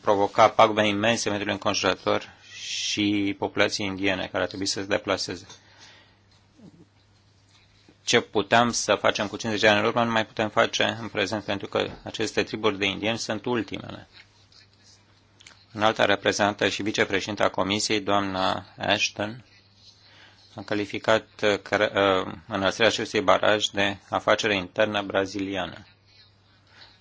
provoca pagube imense mediului înconjurător și populației indiene care ar trebui să se deplaseze. Ce puteam să facem cu 50 de ani în urmă, nu mai putem face în prezent, pentru că aceste triburi de indieni sunt ultimele. În alta reprezentantă și vicepreședinta a Comisiei, doamna Ashton, a calificat ă, înălțirea acestui baraj de afacere internă braziliană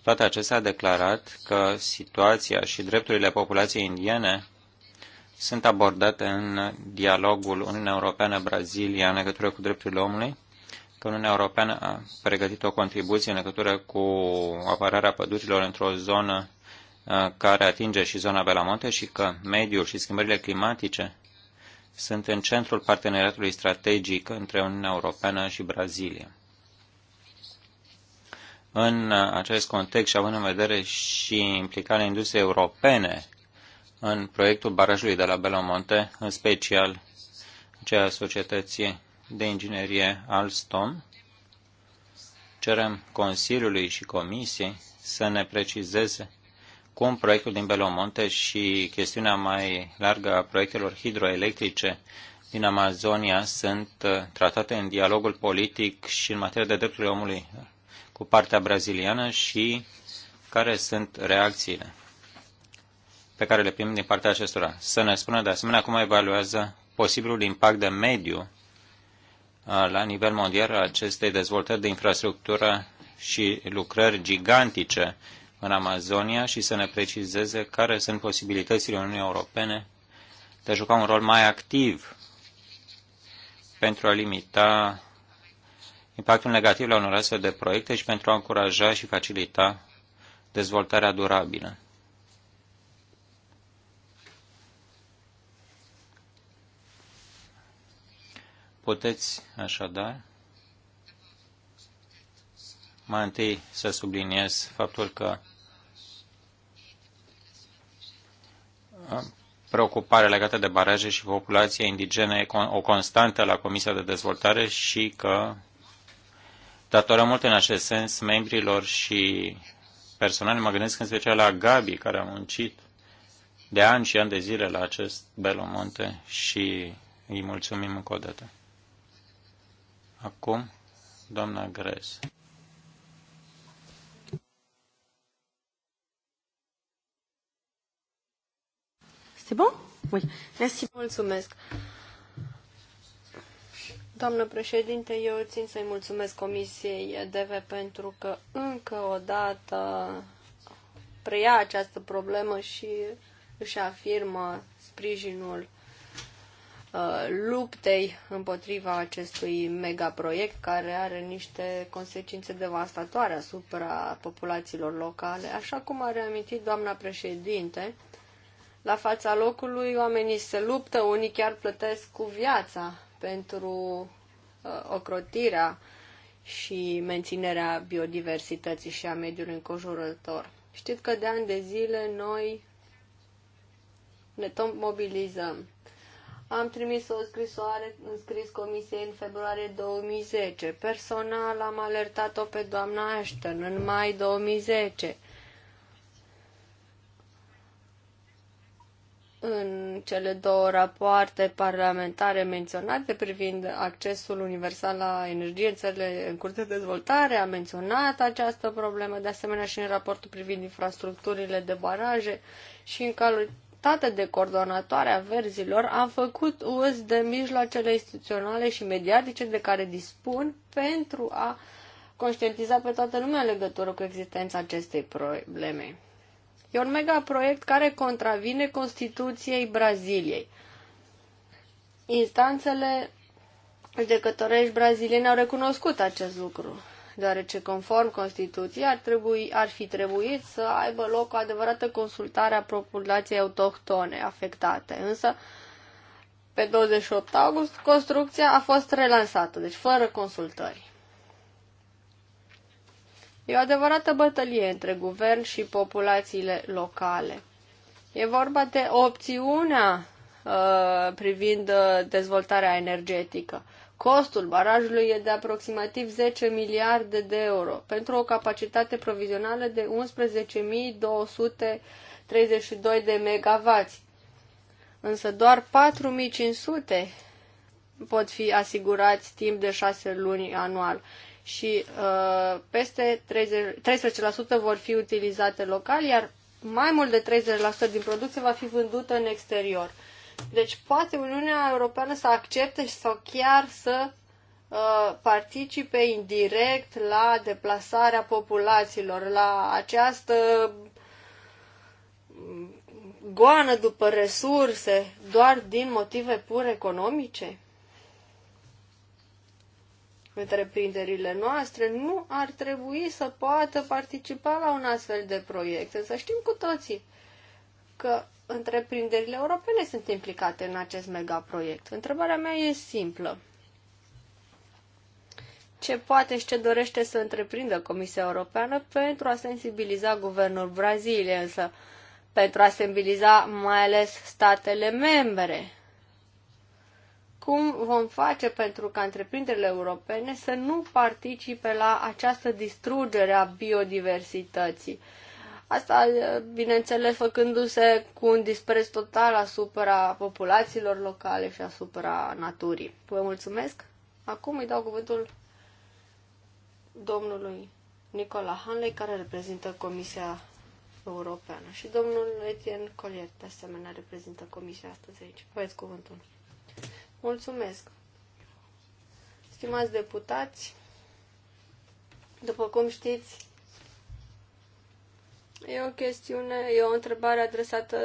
toate acestea a declarat că situația și drepturile populației indiene sunt abordate în dialogul Uniunea Europeană-Brazilia în legătură cu drepturile omului, că Uniunea Europeană a pregătit o contribuție în legătură cu apărarea pădurilor într-o zonă uh, care atinge și zona Belamonte și că mediul și schimbările climatice sunt în centrul parteneriatului strategic între Uniunea Europeană și Brazilia. În acest context și având în vedere și implicarea industriei europene în proiectul barajului de la Belomonte, în special cea a societății de inginerie Alstom, cerem Consiliului și Comisiei să ne precizeze cum proiectul din Belomonte și chestiunea mai largă a proiectelor hidroelectrice din Amazonia sunt uh, tratate în dialogul politic și în materie de drepturile omului cu partea braziliană și care sunt reacțiile pe care le primim din partea acestora. Să ne spună de asemenea cum evaluează posibilul impact de mediu uh, la nivel mondial al acestei dezvoltări de infrastructură și lucrări gigantice în Amazonia și să ne precizeze care sunt posibilitățile Uniunii Europene de a juca un rol mai activ pentru a limita impactul negativ la unor astfel de proiecte și pentru a încuraja și facilita dezvoltarea durabilă. Puteți, așadar, mai întâi să subliniez faptul că uh, preocuparea legată de baraje și populația indigenă e o constantă la Comisia de Dezvoltare și că Datorăm mult în acest sens membrilor și personal, mă gândesc în special la Gabi, care a muncit de ani și ani de zile la acest Belomonte și îi mulțumim încă o dată. Acum, doamna Grez. C'est bon? Oui. Merci. Mulțumesc. Doamnă președinte, eu țin să-i mulțumesc Comisiei EDV pentru că încă o dată preia această problemă și își afirmă sprijinul uh, luptei împotriva acestui megaproiect care are niște consecințe devastatoare asupra populațiilor locale. Așa cum a reamintit doamna președinte, la fața locului oamenii se luptă, unii chiar plătesc cu viața pentru uh, ocrotirea și menținerea biodiversității și a mediului înconjurător. Știți că de ani de zile noi ne tot mobilizăm. Am trimis o scrisoare înscris comisiei în februarie 2010. Personal am alertat-o pe doamna Ashton în mai 2010 în cele două rapoarte parlamentare menționate privind accesul universal la energie în țările în curte de dezvoltare a menționat această problemă, de asemenea și în raportul privind infrastructurile de baraje și în calitate de coordonatoare a verzilor am făcut uz de mijloacele instituționale și mediatice de care dispun pentru a conștientiza pe toată lumea în legătură cu existența acestei probleme. E un megaproiect care contravine Constituției Braziliei. Instanțele judecătorești braziliene au recunoscut acest lucru, deoarece conform Constituției ar, trebui, ar fi trebuit să aibă loc o adevărată consultare a populației autohtone afectate. Însă, pe 28 august, construcția a fost relansată, deci fără consultări. E o adevărată bătălie între guvern și populațiile locale. E vorba de opțiunea uh, privind uh, dezvoltarea energetică. Costul barajului e de aproximativ 10 miliarde de euro pentru o capacitate provizională de 11.232 de megavați. Însă doar 4.500 pot fi asigurați timp de 6 luni anual și uh, peste 30, 13% vor fi utilizate local, iar mai mult de 30% din producție va fi vândută în exterior. Deci poate Uniunea Europeană să accepte sau chiar să uh, participe indirect la deplasarea populațiilor, la această goană după resurse doar din motive pur economice? întreprinderile noastre nu ar trebui să poată participa la un astfel de proiect. Să știm cu toții că întreprinderile europene sunt implicate în acest megaproiect. Întrebarea mea e simplă. Ce poate și ce dorește să întreprindă Comisia Europeană pentru a sensibiliza guvernul Braziliei, însă pentru a sensibiliza mai ales statele membre cum vom face pentru ca întreprinderile europene să nu participe la această distrugere a biodiversității. Asta, bineînțeles, făcându-se cu un dispreț total asupra populațiilor locale și asupra naturii. Vă mulțumesc. Acum îi dau cuvântul domnului Nicola Hanley, care reprezintă Comisia Europeană și domnul Etienne Collier, de asemenea, reprezintă Comisia astăzi aici. Vă cuvântul. Mulțumesc! Stimați deputați, după cum știți, e o chestiune, e o întrebare adresată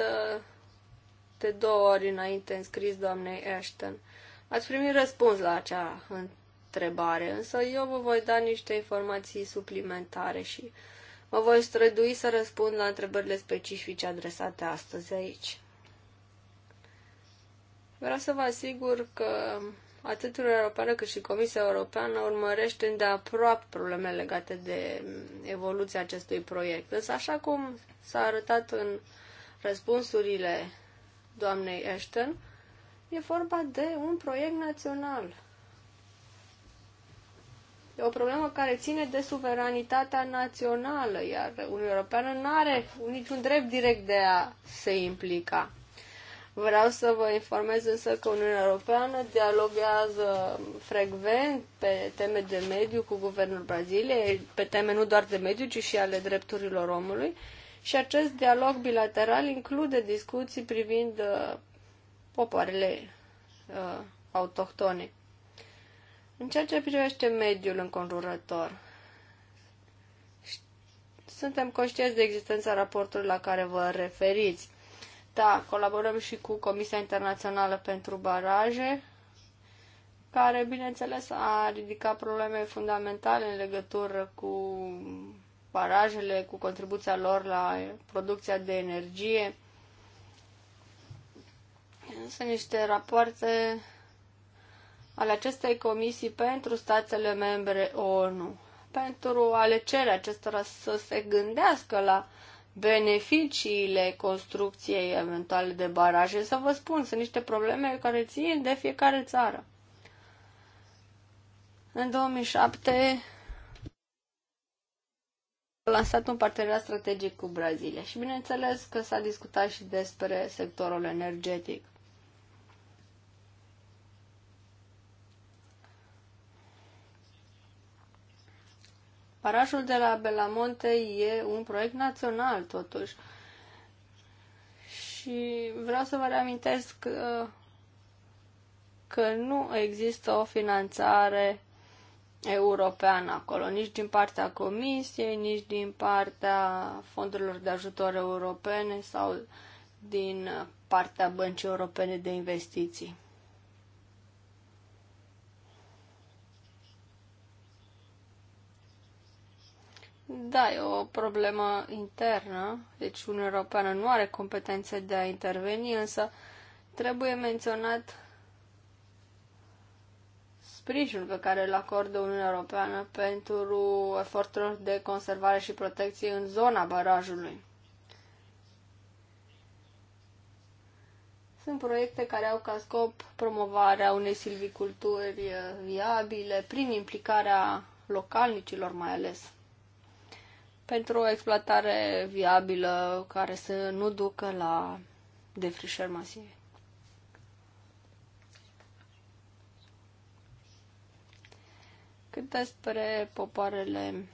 de două ori înainte în scris doamnei Ashton. Ați primit răspuns la acea întrebare, însă eu vă voi da niște informații suplimentare și mă voi strădui să răspund la întrebările specifice adresate astăzi aici. Vreau să vă asigur că atât Uniunea Europeană cât și Comisia Europeană urmărește îndeaproape problemele legate de evoluția acestui proiect. Însă, așa cum s-a arătat în răspunsurile doamnei Ashton, e vorba de un proiect național. E o problemă care ține de suveranitatea națională, iar Uniunea Europeană nu are niciun drept direct de a se implica. Vreau să vă informez însă că Uniunea Europeană dialoguează frecvent pe teme de mediu cu guvernul Braziliei, pe teme nu doar de mediu, ci și ale drepturilor omului. Și acest dialog bilateral include discuții privind uh, popoarele uh, autohtone. În ceea ce privește mediul înconjurător, suntem conștienți de existența raportului la care vă referiți. Da, colaborăm și cu Comisia Internațională pentru Baraje, care, bineînțeles, a ridicat probleme fundamentale în legătură cu barajele, cu contribuția lor la producția de energie. Sunt niște rapoarte ale acestei comisii pentru statele membre ONU, pentru a le cere acestora să se gândească la uh, beneficiile construcției eventuale de baraje. Să vă spun, sunt niște probleme care țin de fiecare țară. În 2007 a lansat un parteneriat strategic cu Brazilia și bineînțeles că s-a discutat și despre sectorul energetic. Barajul de la Belamonte e un proiect național, totuși. Și vreau să vă reamintesc că, că nu există o finanțare europeană acolo, nici din partea Comisiei, nici din partea fondurilor de ajutor europene sau din partea Băncii Europene de Investiții. Da, e o problemă internă, deci Uniunea Europeană nu are competențe de a interveni, însă trebuie menționat sprijinul pe care îl acordă Uniunea Europeană pentru eforturile de conservare și protecție în zona barajului. Sunt proiecte care au ca scop promovarea unei silviculturi viabile prin implicarea localnicilor mai ales pentru o exploatare viabilă care să nu ducă la defrișări masive. Cât despre popoarele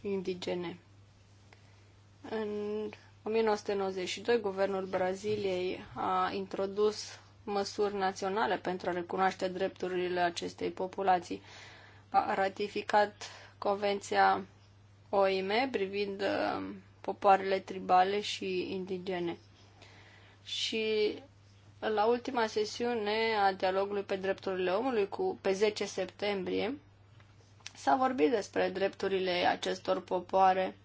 indigene. În 1992, guvernul Braziliei a introdus măsuri naționale pentru a recunoaște drepturile acestei populații. A ratificat Convenția Oime privind uh, popoarele tribale și indigene. Și la ultima sesiune a dialogului pe drepturile omului cu pe 10 septembrie s-a vorbit despre drepturile acestor popoare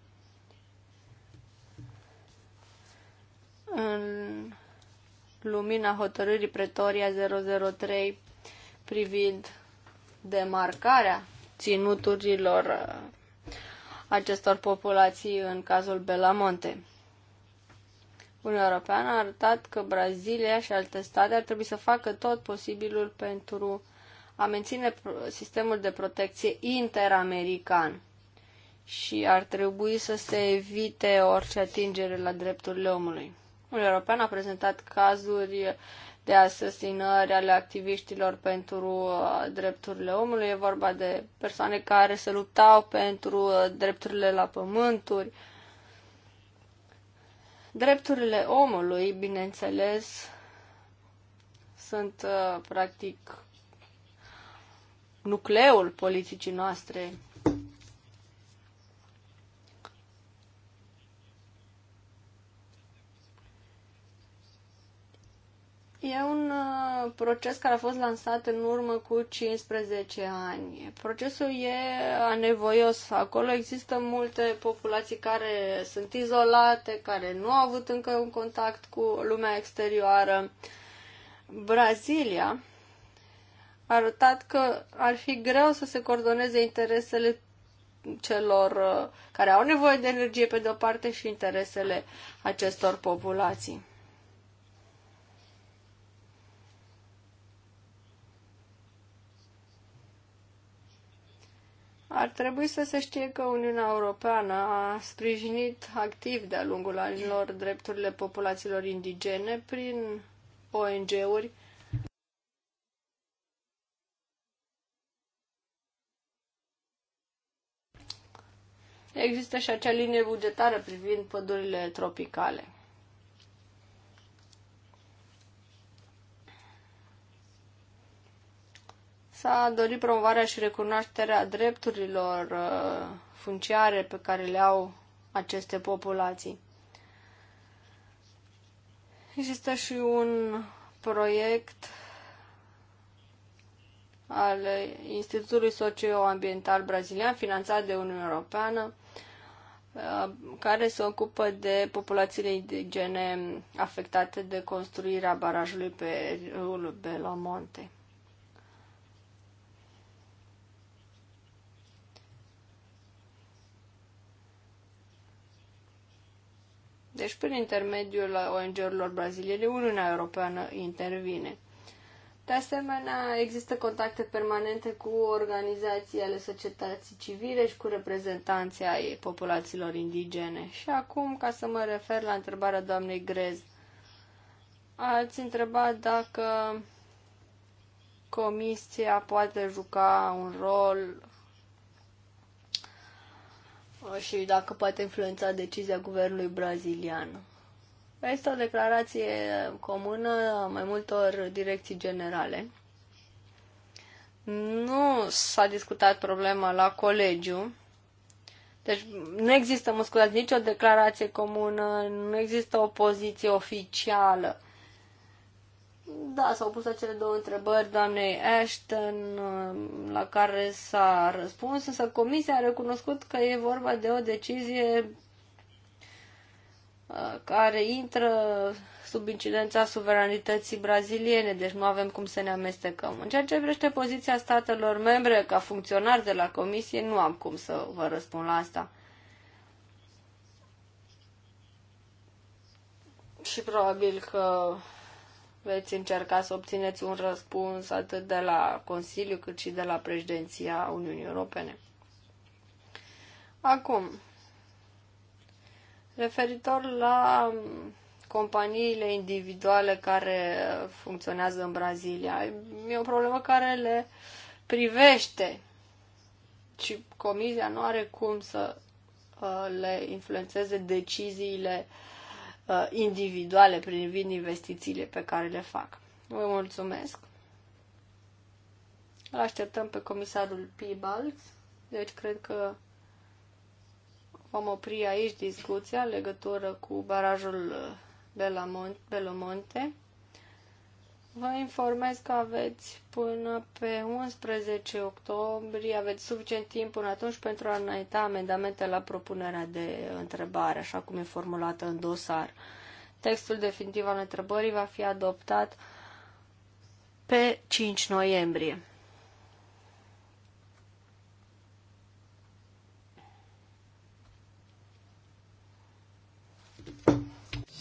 în lumina hotărârii Pretoria 003 privind demarcarea ținuturilor uh, acestor populații în cazul Belamonte. Uniunea Europeană a arătat că Brazilia și alte state ar trebui să facă tot posibilul pentru a menține sistemul de protecție interamerican și ar trebui să se evite orice atingere la drepturile omului. Uniunea Europeană a prezentat cazuri de asesinări ale activiștilor pentru uh, drepturile omului. E vorba de persoane care se luptau pentru uh, drepturile la pământuri. Drepturile omului, bineînțeles, sunt uh, practic nucleul politicii noastre E un uh, proces care a fost lansat în urmă cu 15 ani. Procesul e anevoios. Acolo există multe populații care sunt izolate, care nu au avut încă un contact cu lumea exterioară. Brazilia a arătat că ar fi greu să se coordoneze interesele celor uh, care au nevoie de energie pe de-o parte și interesele acestor populații. Ar trebui să se știe că Uniunea Europeană a sprijinit activ de-a lungul anilor drepturile populațiilor indigene prin ONG-uri Există și acea linie bugetară privind pădurile tropicale. s-a dorit promovarea și recunoașterea drepturilor uh, funciare pe care le au aceste populații. Există și un proiect al Institutului Socioambiental Brazilian, finanțat de Uniunea Europeană, uh, care se ocupă de populațiile indigene afectate de construirea barajului pe râul Monte. Deci, prin intermediul ONG-urilor braziliene, Uniunea Europeană intervine. De asemenea, există contacte permanente cu organizații ale societății civile și cu reprezentanții ai populațiilor indigene. Și acum, ca să mă refer la întrebarea doamnei Grez, ați întrebat dacă comisia poate juca un rol și dacă poate influența decizia guvernului brazilian. Este o declarație comună a mai multor direcții generale. Nu s-a discutat problema la colegiu, deci nu există, mă scuzați, nicio declarație comună, nu există o poziție oficială da, s-au pus acele două întrebări doamnei Ashton, um, la care s-a răspuns, însă comisia a recunoscut că e vorba de o decizie uh, care intră sub incidența suveranității braziliene, deci nu avem cum să ne amestecăm. În ceea ce privește poziția statelor membre ca funcționari de la comisie, nu am cum să vă răspund la asta. Și probabil că veți încerca să obțineți un răspuns atât de la Consiliu cât și de la președinția Uniunii Europene. Acum, referitor la companiile individuale care funcționează în Brazilia, e o problemă care le privește și comisia nu are cum să uh, le influențeze deciziile uh, Uh, individuale privind investițiile pe care le fac. Vă mulțumesc! Îl așteptăm pe comisarul Pibalks, deci cred că vom opri aici discuția legătură cu barajul uh, Belamonte. Vă informez că aveți până pe 11 octombrie, aveți suficient timp până atunci pentru a înainta amendamente la propunerea de întrebare, așa cum e formulată în dosar. Textul definitiv al întrebării va fi adoptat pe 5 noiembrie.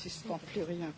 Suspense plus rien.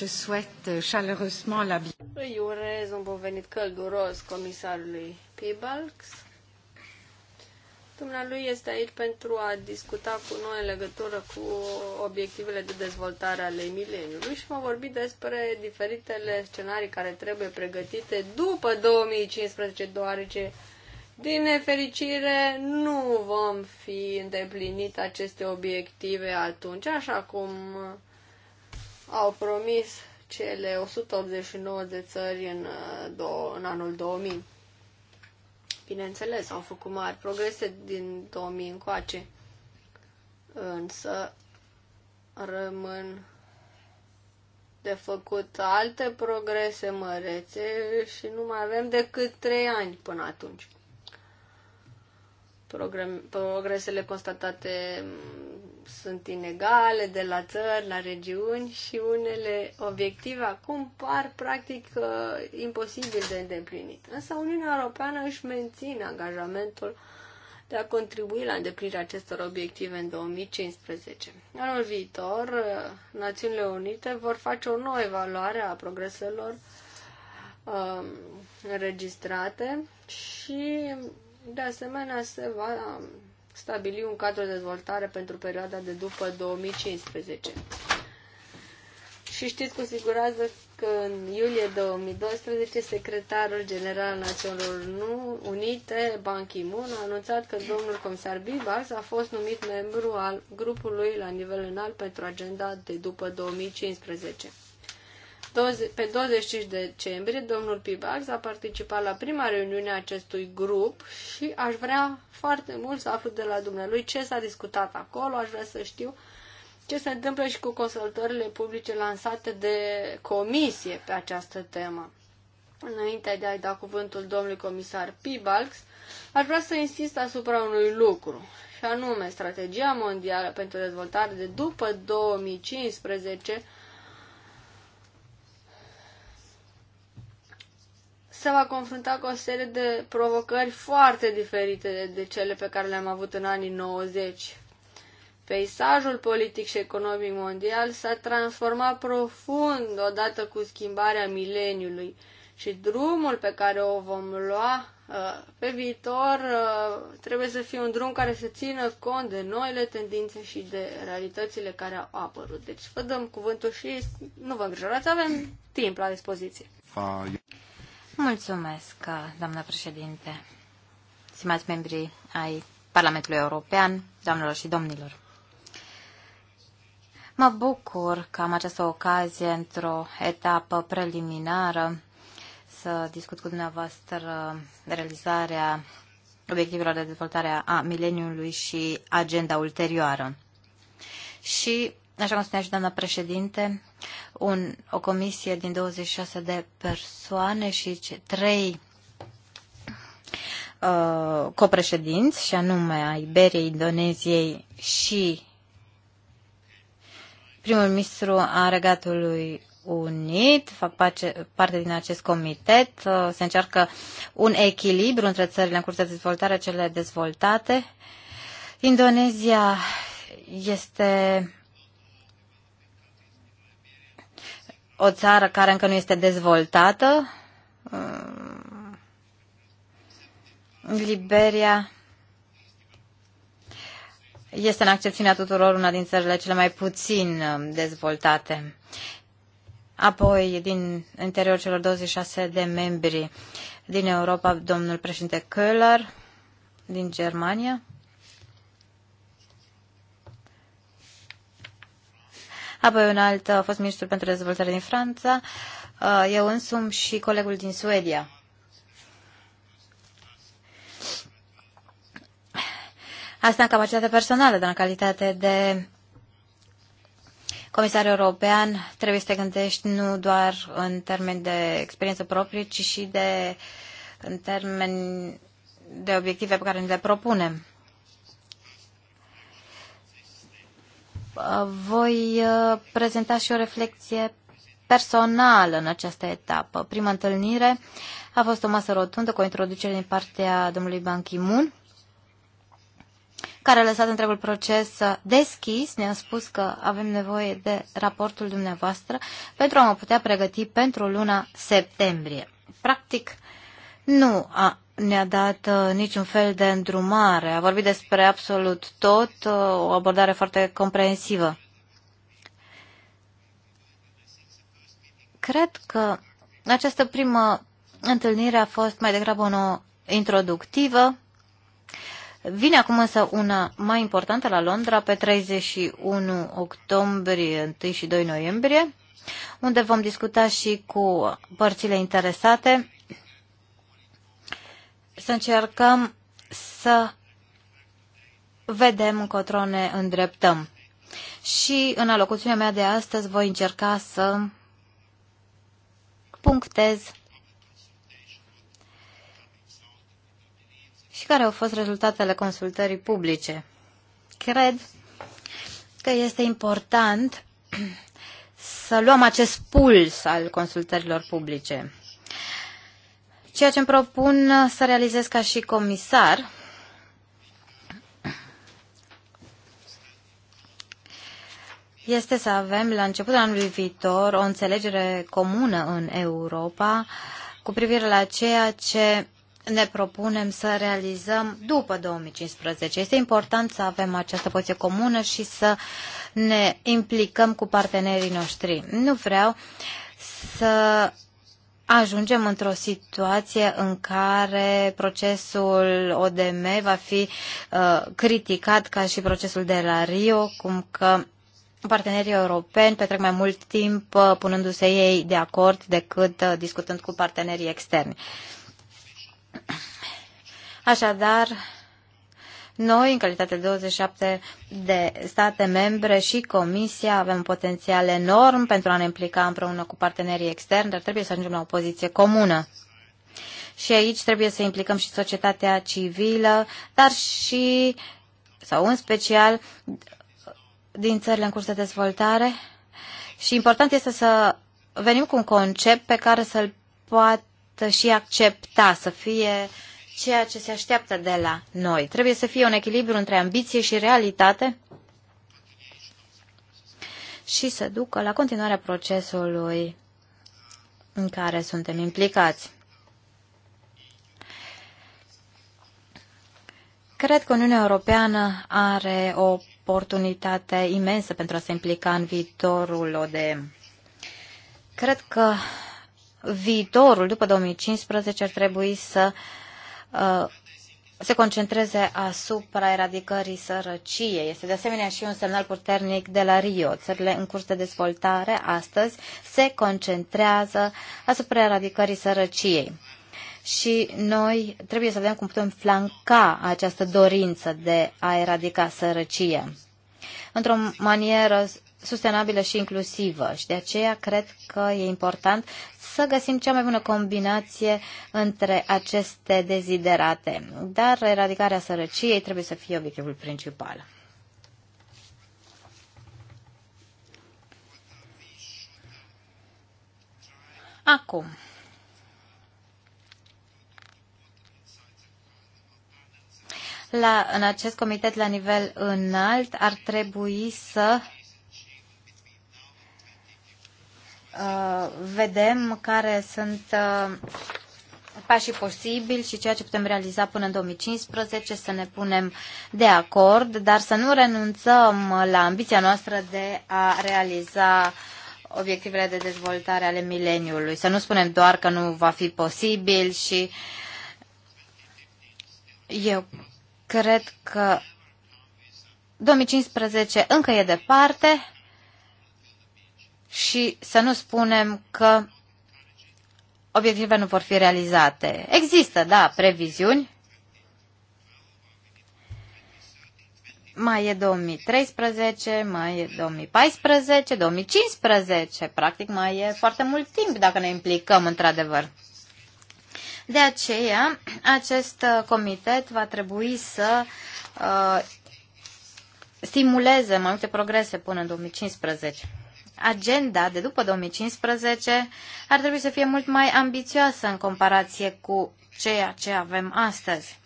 je souhaite chaleureusement la bienvenue. Îi urez un bun venit călduros comisarului Pibalks. Dumnealui este aici pentru a discuta cu noi în legătură cu obiectivele de dezvoltare ale mileniului și vom vorbi despre diferitele scenarii care trebuie pregătite după 2015, deoarece din nefericire, nu vom fi îndeplinit aceste obiective atunci, așa cum au promis cele 189 de țări în, uh, în anul 2000. Bineînțeles, au făcut mari progrese din 2000 încoace, însă rămân de făcut alte progrese mărețe și nu mai avem decât 3 ani până atunci. Progresele constatate sunt inegale de la țări, la regiuni și unele obiective acum par practic uh, imposibil de îndeplinit. Însă Uniunea Europeană își menține angajamentul de a contribui la îndeplinirea acestor obiective în 2015. Anul viitor, uh, Națiunile Unite vor face o nouă evaluare a progreselor uh, și, de asemenea, se va um, stabili un cadru de dezvoltare pentru perioada de după 2015. Și știți cu siguranță că în iulie 2012 secretarul general al Națiunilor Unite, Ban Ki-moon, a anunțat că domnul comisar Bibas a fost numit membru al grupului la nivel înalt pentru agenda de după 2015. Pe 25 decembrie, domnul Pibax a participat la prima reuniune a acestui grup și aș vrea foarte mult să aflu de la dumnealui ce s-a discutat acolo, aș vrea să știu ce se întâmplă și cu consultările publice lansate de comisie pe această temă. Înainte de a-i da cuvântul domnului comisar Pibalx, aș vrea să insist asupra unui lucru, și anume strategia mondială pentru dezvoltare de după 2015 se va confrunta cu o serie de provocări foarte diferite de cele pe care le-am avut în anii 90. Peisajul politic și economic mondial s-a transformat profund odată cu schimbarea mileniului și drumul pe care o vom lua uh, pe viitor uh, trebuie să fie un drum care să țină cont de noile tendințe și de realitățile care au apărut. Deci vă dăm cuvântul și nu vă îngrijorați, avem timp la dispoziție. Fai. Mulțumesc, doamnă președinte, stimați membrii ai Parlamentului European, doamnelor și domnilor. Mă bucur că am această ocazie într-o etapă preliminară să discut cu dumneavoastră realizarea obiectivelor de dezvoltare a mileniului și agenda ulterioară. Și așa cum spunea și doamna președinte, un, o comisie din 26 de persoane și ce trei uh, copreședinți, și anume a Iberiei, Indoneziei și primul ministru a Regatului Unit, fac pace, parte din acest comitet. Uh, se încearcă un echilibru între țările în curs de dezvoltare, cele dezvoltate. Indonezia este o țară care încă nu este dezvoltată, um, Liberia este în accepțiunea tuturor una din țările cele mai puțin um, dezvoltate. Apoi, din interiorul celor 26 de membri din Europa, domnul președinte Köhler din Germania, Apoi un alt a fost ministrul pentru dezvoltare din Franța, eu însumi și colegul din Suedia. Asta în capacitate personală, dar în calitate de comisar european trebuie să te gândești nu doar în termeni de experiență proprie, ci și de, în termeni de obiective pe care ni le propunem. voi uh, prezenta și o reflexie personală în această etapă. Prima întâlnire a fost o masă rotundă cu o introducere din partea domnului Ban Ki-moon, care a lăsat întregul proces uh, deschis. Ne-a spus că avem nevoie de raportul dumneavoastră pentru a mă putea pregăti pentru luna septembrie. Practic, nu a ne-a dat uh, niciun fel de îndrumare. A vorbit despre absolut tot, uh, o abordare foarte comprehensivă. Cred că această primă întâlnire a fost mai degrabă una introductivă. Vine acum însă una mai importantă la Londra pe 31 octombrie, 1 și 2 noiembrie, unde vom discuta și cu părțile interesate să încercăm să vedem încotro ne îndreptăm. Și în alocuțiunea mea de astăzi voi încerca să punctez și care au fost rezultatele consultării publice. Cred că este important să luăm acest puls al consultărilor publice. Ceea ce îmi propun uh, să realizez ca și comisar este să avem la începutul anului viitor o înțelegere comună în Europa cu privire la ceea ce ne propunem să realizăm după 2015. Este important să avem această poziție comună și să ne implicăm cu partenerii noștri. Nu vreau să ajungem într-o situație în care procesul ODM va fi uh, criticat ca și procesul de la Rio, cum că partenerii europeni petrec mai mult timp uh, punându-se ei de acord decât uh, discutând cu partenerii externi. Așadar, noi, în calitate de 27 de state membre și Comisia, avem un potențial enorm pentru a ne implica împreună cu partenerii externi, dar trebuie să ajungem la o poziție comună. Și aici trebuie să implicăm și societatea civilă, dar și, sau în special, din țările în curs de dezvoltare. Și important este să venim cu un concept pe care să-l poată și accepta, să fie uh, ceea ce se așteaptă de la noi. Trebuie să fie un echilibru între ambiție și realitate și să ducă la continuarea procesului în care suntem implicați. Cred că Uniunea Europeană are o oportunitate imensă pentru a se implica în viitorul ODM. Cred că viitorul după 2015 ar trebui să uh, Uh, se concentreze asupra eradicării sărăciei. Este de asemenea și un semnal puternic de la Rio. Țările în curs de dezvoltare astăzi se concentrează asupra eradicării sărăciei. Și noi trebuie să vedem cum putem flanca această dorință de a eradica sărăcie într-o manieră sustenabilă și inclusivă și de aceea cred că e important să găsim cea mai bună combinație între aceste deziderate. Dar eradicarea sărăciei trebuie să fie obiectivul principal. Acum, la, în acest comitet la nivel înalt ar trebui să uh, Uh, vedem care sunt uh, pașii posibili și ceea ce putem realiza până în 2015, să ne punem de acord, dar să nu renunțăm la ambiția noastră de a realiza obiectivele de dezvoltare ale mileniului. Să nu spunem doar că nu va fi posibil și eu cred că 2015 încă e departe, și să nu spunem că obiective nu vor fi realizate. Există, da, previziuni. Mai e 2013, mai e 2014, 2015. Practic mai e foarte mult timp dacă ne implicăm într-adevăr. De aceea, acest uh, comitet va trebui să uh, stimuleze mai multe progrese până în 2015 agenda de după 2015 ar trebui să fie mult mai ambițioasă în comparație cu ceea ce avem astăzi.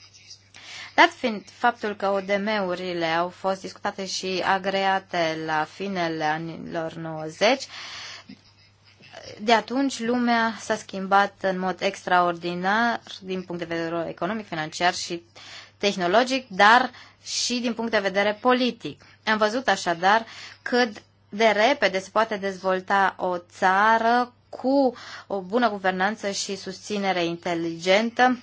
Dat fiind faptul că ODM-urile au fost discutate și agreate la finele anilor 90, de atunci lumea s-a schimbat în mod extraordinar din punct de vedere economic, financiar și tehnologic, dar și din punct de vedere politic. Am văzut așadar cât de repede se poate dezvolta o țară cu o bună guvernanță și susținere inteligentă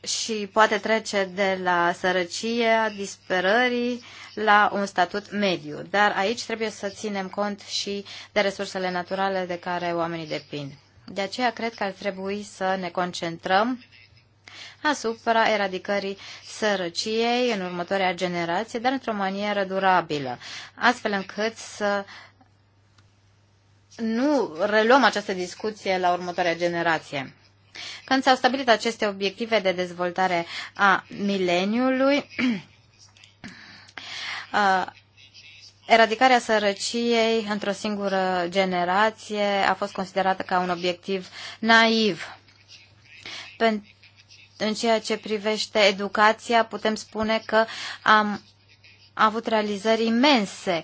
și poate trece de la sărăcie, disperării, la un statut mediu. Dar aici trebuie să ținem cont și de resursele naturale de care oamenii depind. De aceea cred că ar trebui să ne concentrăm asupra eradicării sărăciei în următoarea generație, dar într-o manieră durabilă, astfel încât să nu reluăm această discuție la următoarea generație. Când s-au stabilit aceste obiective de dezvoltare a mileniului, uh, Eradicarea sărăciei într-o singură generație a fost considerată ca un obiectiv naiv. Pentru în ceea ce privește educația, putem spune că am avut realizări imense,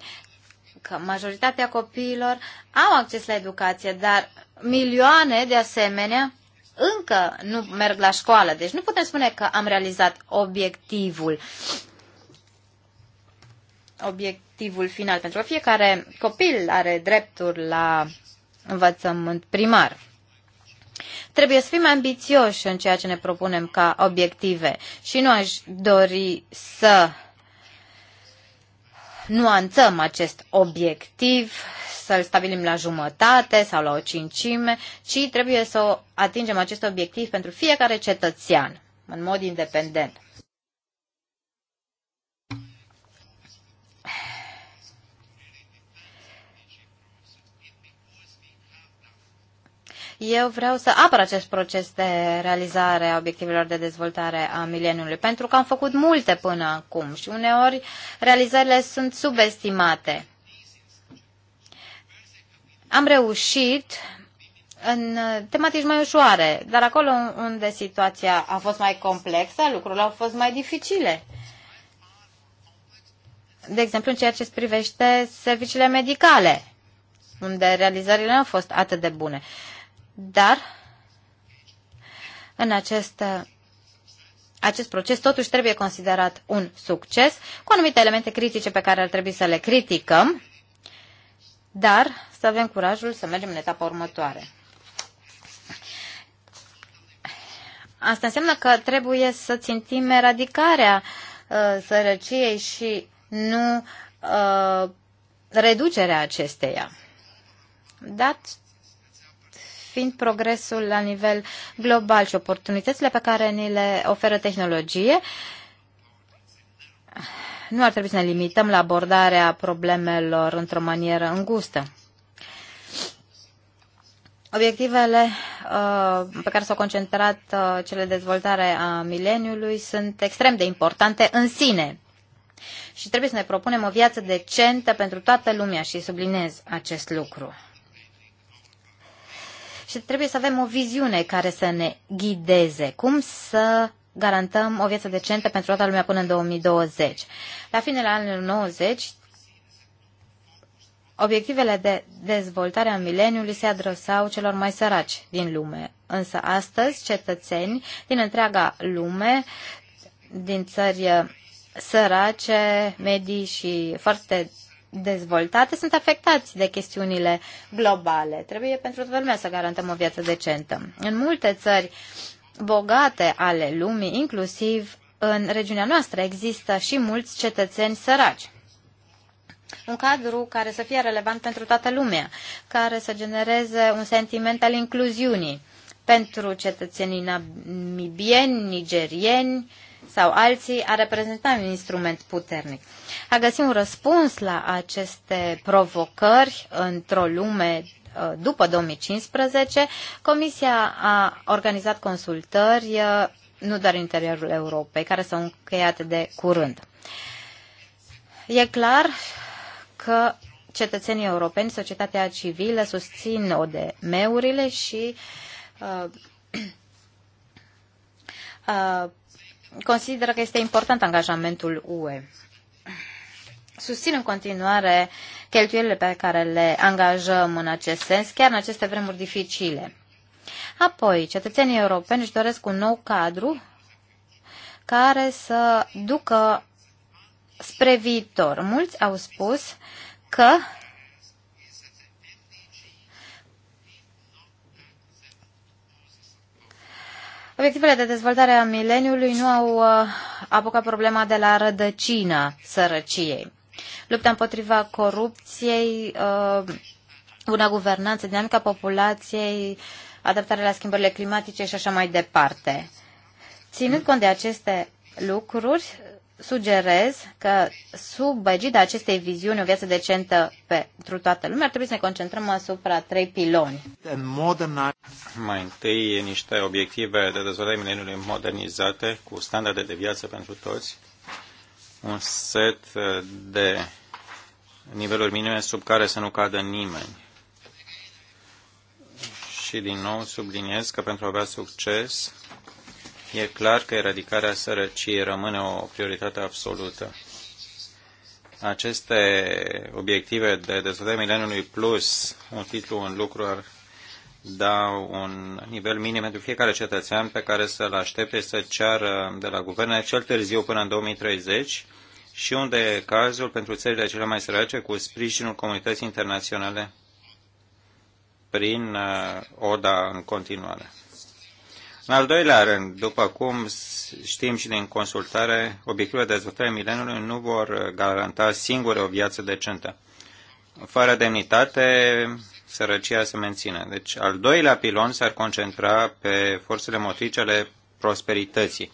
că majoritatea copiilor au acces la educație, dar milioane de asemenea încă nu merg la școală. Deci nu putem spune că am realizat obiectivul obiectivul final. Pentru că fiecare copil are dreptul la învățământ primar. Trebuie să fim ambițioși în ceea ce ne propunem ca obiective și nu aș dori să nuanțăm acest obiectiv, să-l stabilim la jumătate sau la o cincime, ci trebuie să atingem acest obiectiv pentru fiecare cetățean, în mod independent. Eu vreau să apăr acest proces de realizare a obiectivelor de dezvoltare a mileniului, pentru că am făcut multe până acum și uneori realizările sunt subestimate. Am reușit în tematici mai ușoare, dar acolo unde situația a fost mai complexă, lucrurile au fost mai dificile de exemplu, în ceea ce privește serviciile medicale, unde realizările nu au fost atât de bune dar în acest, acest proces totuși trebuie considerat un succes, cu anumite elemente critice pe care ar trebui să le criticăm, dar să avem curajul să mergem în etapa următoare. Asta înseamnă că trebuie să țintim eradicarea uh, sărăciei și nu uh, reducerea acesteia. Dat fiind progresul la nivel global și oportunitățile pe care ni le oferă tehnologie, nu ar trebui să ne limităm la abordarea problemelor într-o manieră îngustă. Obiectivele uh, pe care s-au concentrat uh, cele de dezvoltare a mileniului sunt extrem de importante în sine și trebuie să ne propunem o viață decentă pentru toată lumea și sublinez acest lucru și trebuie să avem o viziune care să ne ghideze. Cum să garantăm o viață decentă pentru toată lumea până în 2020. La finele anilor 90, obiectivele de dezvoltare a mileniului se adresau celor mai săraci din lume. Însă astăzi, cetățeni din întreaga lume, din țări sărace, medii și foarte dezvoltate sunt afectați de chestiunile globale. Trebuie pentru toată lumea să garantăm o viață decentă. În multe țări bogate ale lumii, inclusiv în regiunea noastră, există și mulți cetățeni săraci. Un cadru care să fie relevant pentru toată lumea, care să genereze un sentiment al incluziunii pentru cetățenii namibieni, nigerieni, sau alții a reprezentat un instrument puternic. A găsit un răspuns la aceste provocări într-o lume uh, după 2015, Comisia a organizat consultări uh, nu doar în interiorul Europei, care s-au încheiat de curând. E clar că cetățenii europeni, societatea civilă susțin ODM-urile și uh, uh, consideră că este important angajamentul UE. Susțin în continuare cheltuielile pe care le angajăm în acest sens, chiar în aceste vremuri dificile. Apoi, cetățenii europeni își doresc un nou cadru care să ducă spre viitor. Mulți au spus că Obiectivele de dezvoltare a mileniului nu au uh, apucat problema de la rădăcina sărăciei. Lupta împotriva corupției, bună uh, guvernanță, dinamica populației, adaptarea la schimbările climatice și așa mai departe. Ținând cont de aceste lucruri, sugerez că sub egida acestei viziuni o viață decentă pentru toată lumea ar trebui să ne concentrăm asupra trei piloni. Mai întâi niște obiective de dezvoltare mileniului modernizate cu standarde de viață pentru toți, un set de niveluri minime sub care să nu cadă nimeni. Și din nou subliniez că pentru a avea succes E clar că eradicarea sărăciei rămâne o prioritate absolută. Aceste obiective de dezvoltare mileniului plus, un titlu, un lucru ar da un nivel minim pentru fiecare cetățean pe care să-l aștepte să ceară de la guvern cel târziu până în 2030 și unde e cazul pentru țările cele mai sărace cu sprijinul comunității internaționale prin uh, ODA în continuare. În al doilea rând, după cum știm și din consultare, obiectivele de dezvoltare mileniului nu vor garanta singure o viață decentă. Fără demnitate, sărăcia se menține. Deci, al doilea pilon s-ar concentra pe forțele motrice ale prosperității.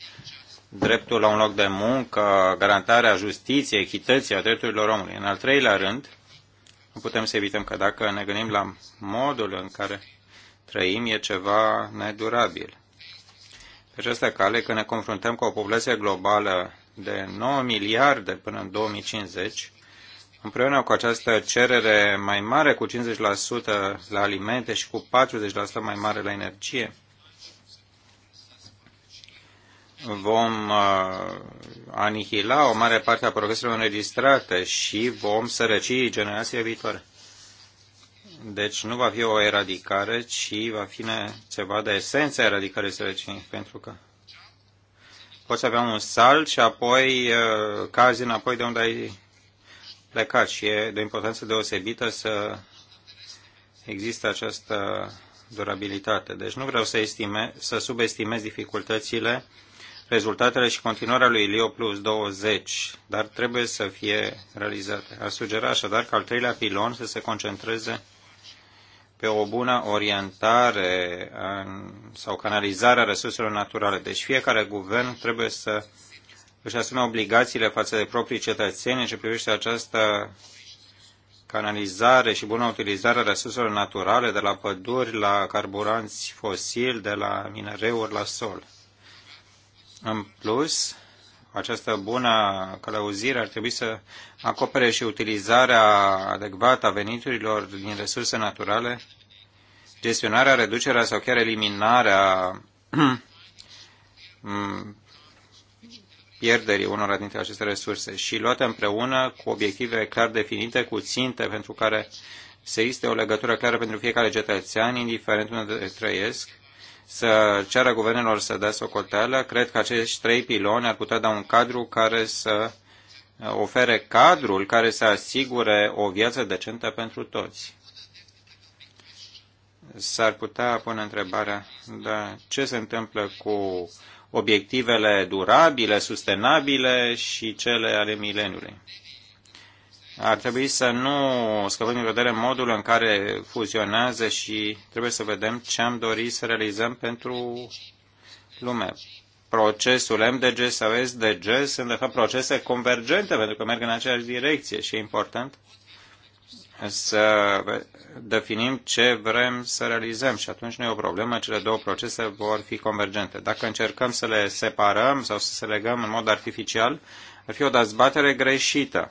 Dreptul la un loc de muncă, garantarea justiției, echității, a drepturilor omului. În al treilea rând, nu putem să evităm că dacă ne gândim la modul în care trăim, e ceva nedurabil pe această cale, când ne confruntăm cu o populație globală de 9 miliarde până în 2050, împreună cu această cerere mai mare cu 50% la alimente și cu 40% mai mare la energie, vom uh, anihila o mare parte a progreselor înregistrate și vom sărăci generația viitoare. Deci nu va fi o eradicare, ci va fi ceva de esență eradicare sărăciei, pentru că poți avea un salt și apoi uh, cazi înapoi de unde ai plecat și e de importanță deosebită să există această durabilitate. Deci nu vreau să, estime, să subestimez dificultățile, rezultatele și continuarea lui Leo Plus 20, dar trebuie să fie realizate. A sugera așadar că al treilea pilon să se concentreze pe o bună orientare în, sau canalizare a resurselor naturale. Deci fiecare guvern trebuie să își asume obligațiile față de proprii cetățeni în ce privește această canalizare și bună utilizare a resurselor naturale, de la păduri la carburanți fosili, de la minereuri la sol. În plus, această bună călăuzire ar trebui să acopere și utilizarea adecvată a veniturilor din resurse naturale, gestionarea, reducerea sau chiar eliminarea pierderii unora dintre aceste resurse și luate împreună cu obiective clar definite, cu ținte pentru care se este o legătură clară pentru fiecare cetățean, indiferent unde trăiesc, să ceară guvernelor să dea socoteală, cred că acești trei piloni ar putea da un cadru care să uh, ofere cadrul care să asigure o viață decentă pentru toți. S-ar putea pune întrebarea, da, ce se întâmplă cu obiectivele durabile, sustenabile și cele ale mileniului? ar trebui să nu scăpăm din vedere modul în care fuzionează și trebuie să vedem ce am dorit să realizăm pentru lume. Procesul MDG sau SDG sunt de fapt procese convergente pentru că merg în aceeași direcție și e important să definim ce vrem să realizăm și atunci nu e o problemă, cele două procese vor fi convergente. Dacă încercăm să le separăm sau să se legăm în mod artificial, ar fi o dezbatere greșită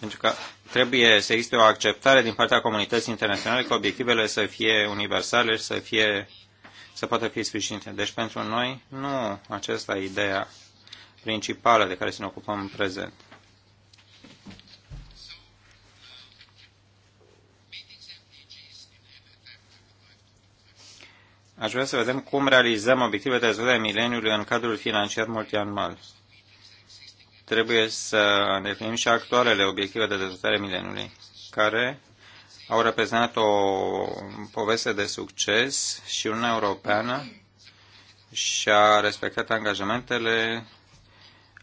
pentru că trebuie să existe o acceptare din partea comunității internaționale că obiectivele să fie universale și să, fie, să poată fi sprijinite. Deci pentru noi nu aceasta e ideea principală de care să ne ocupăm în prezent. Aș vrea să vedem cum realizăm obiectivele de dezvoltare mileniului în cadrul financiar multianual trebuie să definim și actualele obiective de dezvoltare mileniului, care au reprezentat o poveste de succes și Uniunea Europeană și-a respectat angajamentele,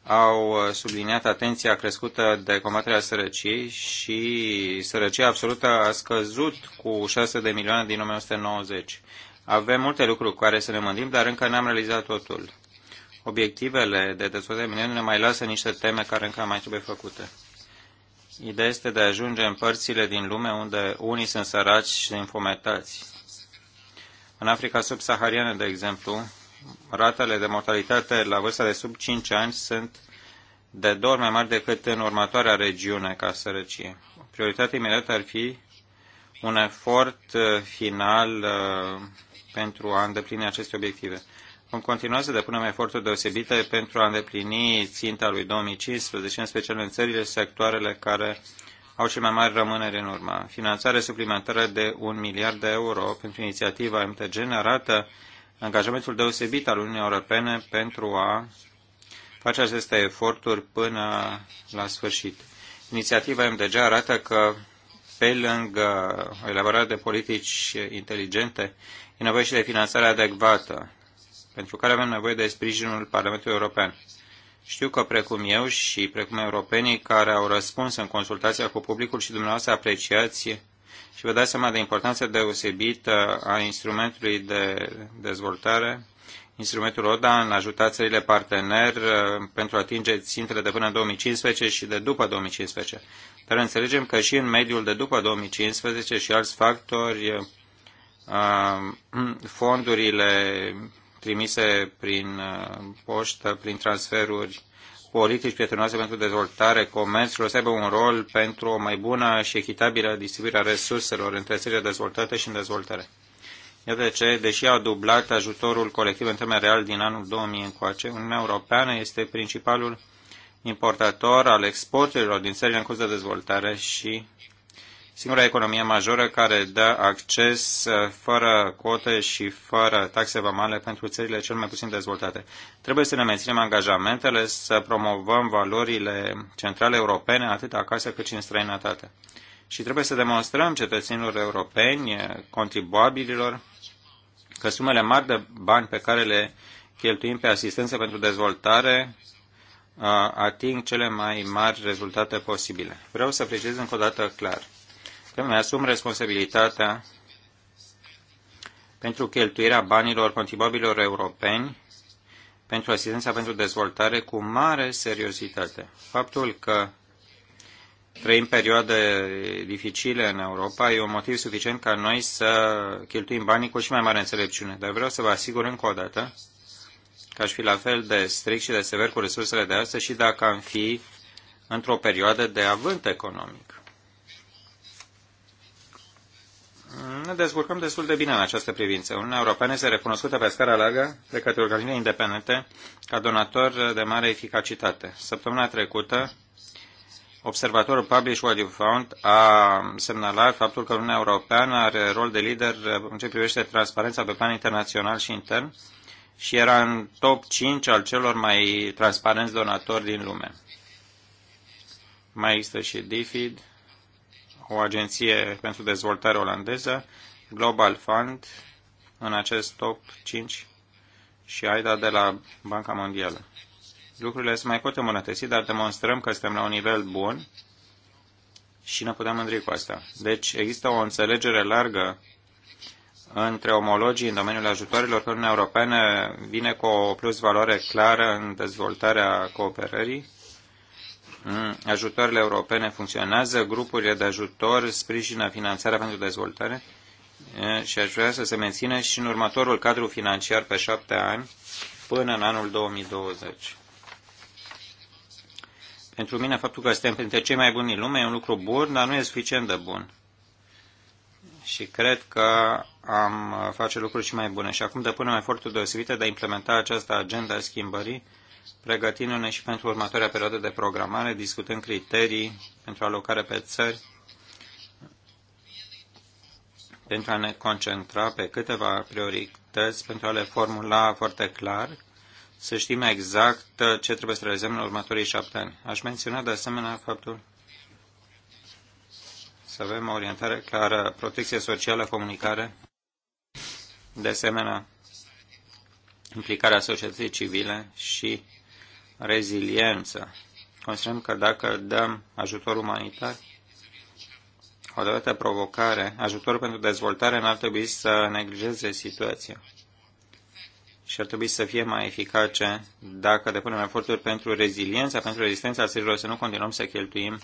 au subliniat atenția crescută de combaterea sărăciei și sărăcia absolută a scăzut cu 6 de milioane din 1990. Avem multe lucruri cu care să ne mândim, dar încă n-am realizat totul obiectivele de dezvoltare mileniului ne mai lasă niște teme care încă mai trebuie făcute. Ideea este de a ajunge în părțile din lume unde unii sunt săraci și infometați. În Africa subsahariană, de exemplu, ratele de mortalitate la vârsta de sub 5 ani sunt de două ori mai mari decât în următoarea regiune ca sărăcie. Prioritatea imediată ar fi un efort uh, final uh, pentru a îndeplini aceste obiective. Vom continua să depunem eforturi deosebite pentru a îndeplini ținta lui 2015, în special în țările sectoarele care au cel mai mari rămâneri în urmă. Finanțare suplimentară de un miliard de euro pentru inițiativa MTG arată angajamentul deosebit al Uniunii Europene pentru a face aceste eforturi până la sfârșit. Inițiativa MDG arată că pe lângă elaborarea de politici inteligente, e nevoie și de finanțare adecvată pentru care avem nevoie de sprijinul Parlamentului European. Știu că precum eu și precum europenii care au răspuns în consultația cu publicul și dumneavoastră apreciați și vă dați seama de importanța deosebită a instrumentului de dezvoltare, instrumentul ODA în ajuta țările partener uh, pentru a atinge țintele de până în 2015 și de după 2015. Dar înțelegem că și în mediul de după 2015 și alți factori uh, uh, fondurile trimise prin uh, poștă, prin transferuri politici prietenoase pentru dezvoltare, comerțul, să aibă un rol pentru o mai bună și echitabilă distribuire a resurselor între țările dezvoltate și în dezvoltare. Iată de ce, deși a dublat ajutorul colectiv în termen real din anul 2000 încoace, Uniunea Europeană este principalul importator al exporturilor din țările în curs de dezvoltare și singura economie majoră care dă acces uh, fără cote și fără taxe vamale pentru țările cel mai puțin dezvoltate. Trebuie să ne menținem angajamentele, să promovăm valorile centrale europene atât acasă cât și în străinătate. Și trebuie să demonstrăm cetățenilor europeni, uh, contribuabililor, că sumele mari de bani pe care le cheltuim pe asistență pentru dezvoltare uh, ating cele mai mari rezultate posibile. Vreau să precizez încă o dată clar că mi-asum responsabilitatea pentru cheltuirea banilor contribuabililor europeni pentru asistența pentru dezvoltare cu mare seriozitate. Faptul că trăim perioade dificile în Europa e un motiv suficient ca noi să cheltuim banii cu și mai mare înțelepciune. Dar vreau să vă asigur încă o dată că aș fi la fel de strict și de sever cu resursele de astăzi și dacă am fi într-o perioadă de avânt economic. ne descurcăm destul de bine în această privință. Uniunea Europeană este recunoscută pe scară largă de către organisme independente ca donator de mare eficacitate. Săptămâna trecută, observatorul Publish What You Found a semnalat faptul că Uniunea Europeană are rol de lider în ce privește transparența pe plan internațional și intern și era în top 5 al celor mai transparenți donatori din lume. Mai există și DFID, o agenție pentru dezvoltare olandeză, Global Fund, în acest top 5 și AIDA de la Banca Mondială. Lucrurile se mai pot îmbunătăți, dar demonstrăm că suntem la un nivel bun și ne putem mândri cu asta. Deci există o înțelegere largă între omologii în domeniul ajutoarelor că Uniunea Europeană vine cu o plus valoare clară în dezvoltarea cooperării Mm, ajutoarele europene funcționează, grupurile de ajutor sprijină finanțarea pentru dezvoltare și aș vrea să se mențină și în următorul cadru financiar pe șapte ani până în anul 2020. Pentru mine, faptul că suntem printre cei mai buni din lume e un lucru bun, dar nu e suficient de bun. Și cred că am face lucruri și mai bune. Și acum depunem efortul deosebit de a implementa această agenda schimbării pregătindu-ne și pentru următoarea perioadă de programare, discutând criterii pentru alocare pe țări, pentru a ne concentra pe câteva priorități, pentru a le formula foarte clar, să știm exact uh, ce trebuie să realizăm în următorii șapte ani. Aș menționa de asemenea faptul să avem o orientare clară, protecție socială, comunicare, de asemenea implicarea societății civile și reziliență. Considerăm că dacă dăm ajutor umanitar, o adevărată provocare, ajutor pentru dezvoltare n-ar trebui să neglijeze situația și ar trebui să fie mai eficace dacă depunem eforturi pentru reziliența, pentru rezistența țărilor, să nu continuăm să cheltuim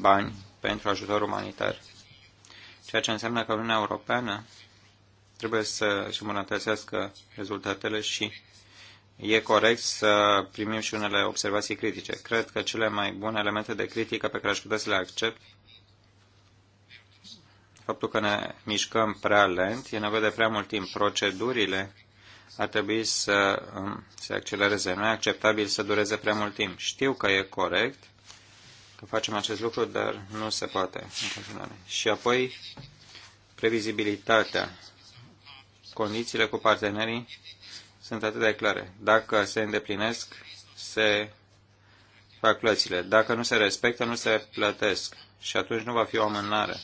bani pentru ajutor umanitar. Ceea ce înseamnă că Uniunea Europeană trebuie să își îmbunătățească rezultatele și e corect să primim și unele observații critice. Cred că cele mai bune elemente de critică pe care aș putea să le accept faptul că ne mișcăm prea lent, e nevoie de prea mult timp. Procedurile ar trebui să um, se accelereze. Nu e acceptabil să dureze prea mult timp. Știu că e corect că facem acest lucru, dar nu se poate în continuare. Și apoi, previzibilitatea, condițiile cu partenerii sunt atât de clare. Dacă se îndeplinesc, se fac plățile. Dacă nu se respectă, nu se plătesc. Și atunci nu va fi o amânare.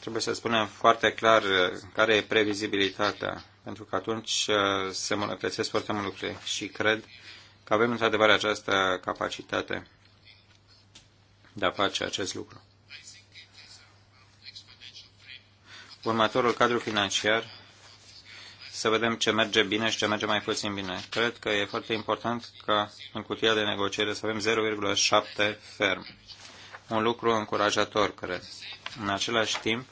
Trebuie să spunem foarte clar uh, care e previzibilitatea, pentru că atunci uh, se monetizez foarte mult lucruri. Și cred că avem într-adevăr această capacitate de a face acest lucru. Următorul cadru financiar să vedem ce merge bine și ce merge mai puțin bine. Cred că e foarte important ca în cutia de negociere să avem 0,7 ferm. Un lucru încurajator, cred. În același timp,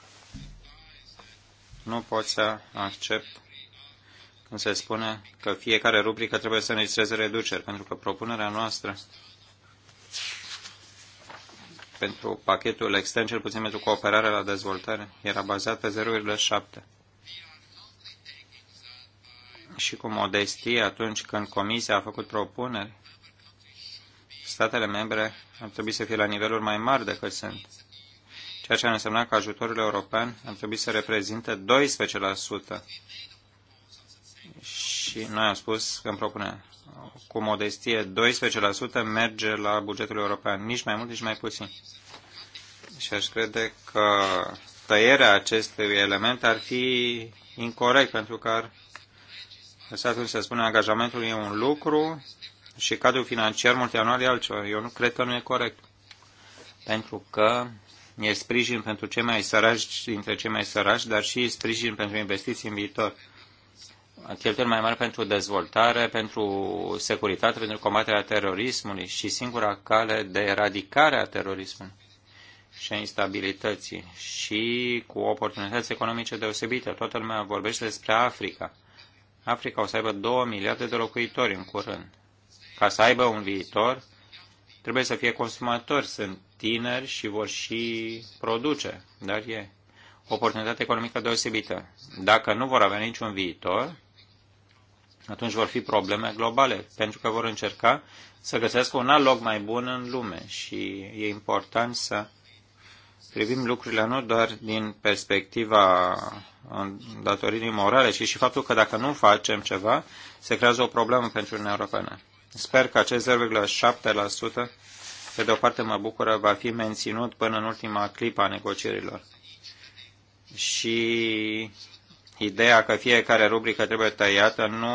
nu pot să accept când se spune că fiecare rubrică trebuie să înregistreze reduceri, pentru că propunerea noastră pentru pachetul extern, cel puțin pentru cooperarea la dezvoltare, era bazată 0,7 și cu modestie atunci când Comisia a făcut propuneri. Statele membre ar trebui să fie la niveluri mai mari decât sunt, ceea ce ar însemna că ajutorul european ar trebui să reprezinte 12%. Și noi am spus că îmi propune cu modestie 12% merge la bugetul european, nici mai mult, nici mai puțin. Și aș crede că tăierea acestui element ar fi incorrect pentru că ar lăsați atunci se spune, angajamentul e un lucru și cadrul financiar multianual e altceva. Eu nu cred că nu e corect. Pentru că e sprijin pentru cei mai săraci dintre cei mai săraci, dar și sprijin pentru investiții în viitor. Cheltuieli mai mari pentru dezvoltare, pentru securitate, pentru combaterea terorismului și singura cale de eradicare a terorismului și a instabilității și cu oportunități economice deosebite. Toată lumea vorbește despre Africa. Africa o să aibă 2 miliarde de locuitori în curând. Ca să aibă un viitor, trebuie să fie consumatori, sunt tineri și vor și produce, dar e o oportunitate economică deosebită. Dacă nu vor avea niciun viitor, atunci vor fi probleme globale, pentru că vor încerca să găsească un alt loc mai bun în lume și e important să privim lucrurile nu doar din perspectiva datoririi morale, ci și faptul că dacă nu facem ceva, se creează o problemă pentru Uniunea Europeană. Sper că acest 0,7%, pe de o parte mă bucură, va fi menținut până în ultima clipă a negocierilor. Și ideea că fiecare rubrică trebuie tăiată nu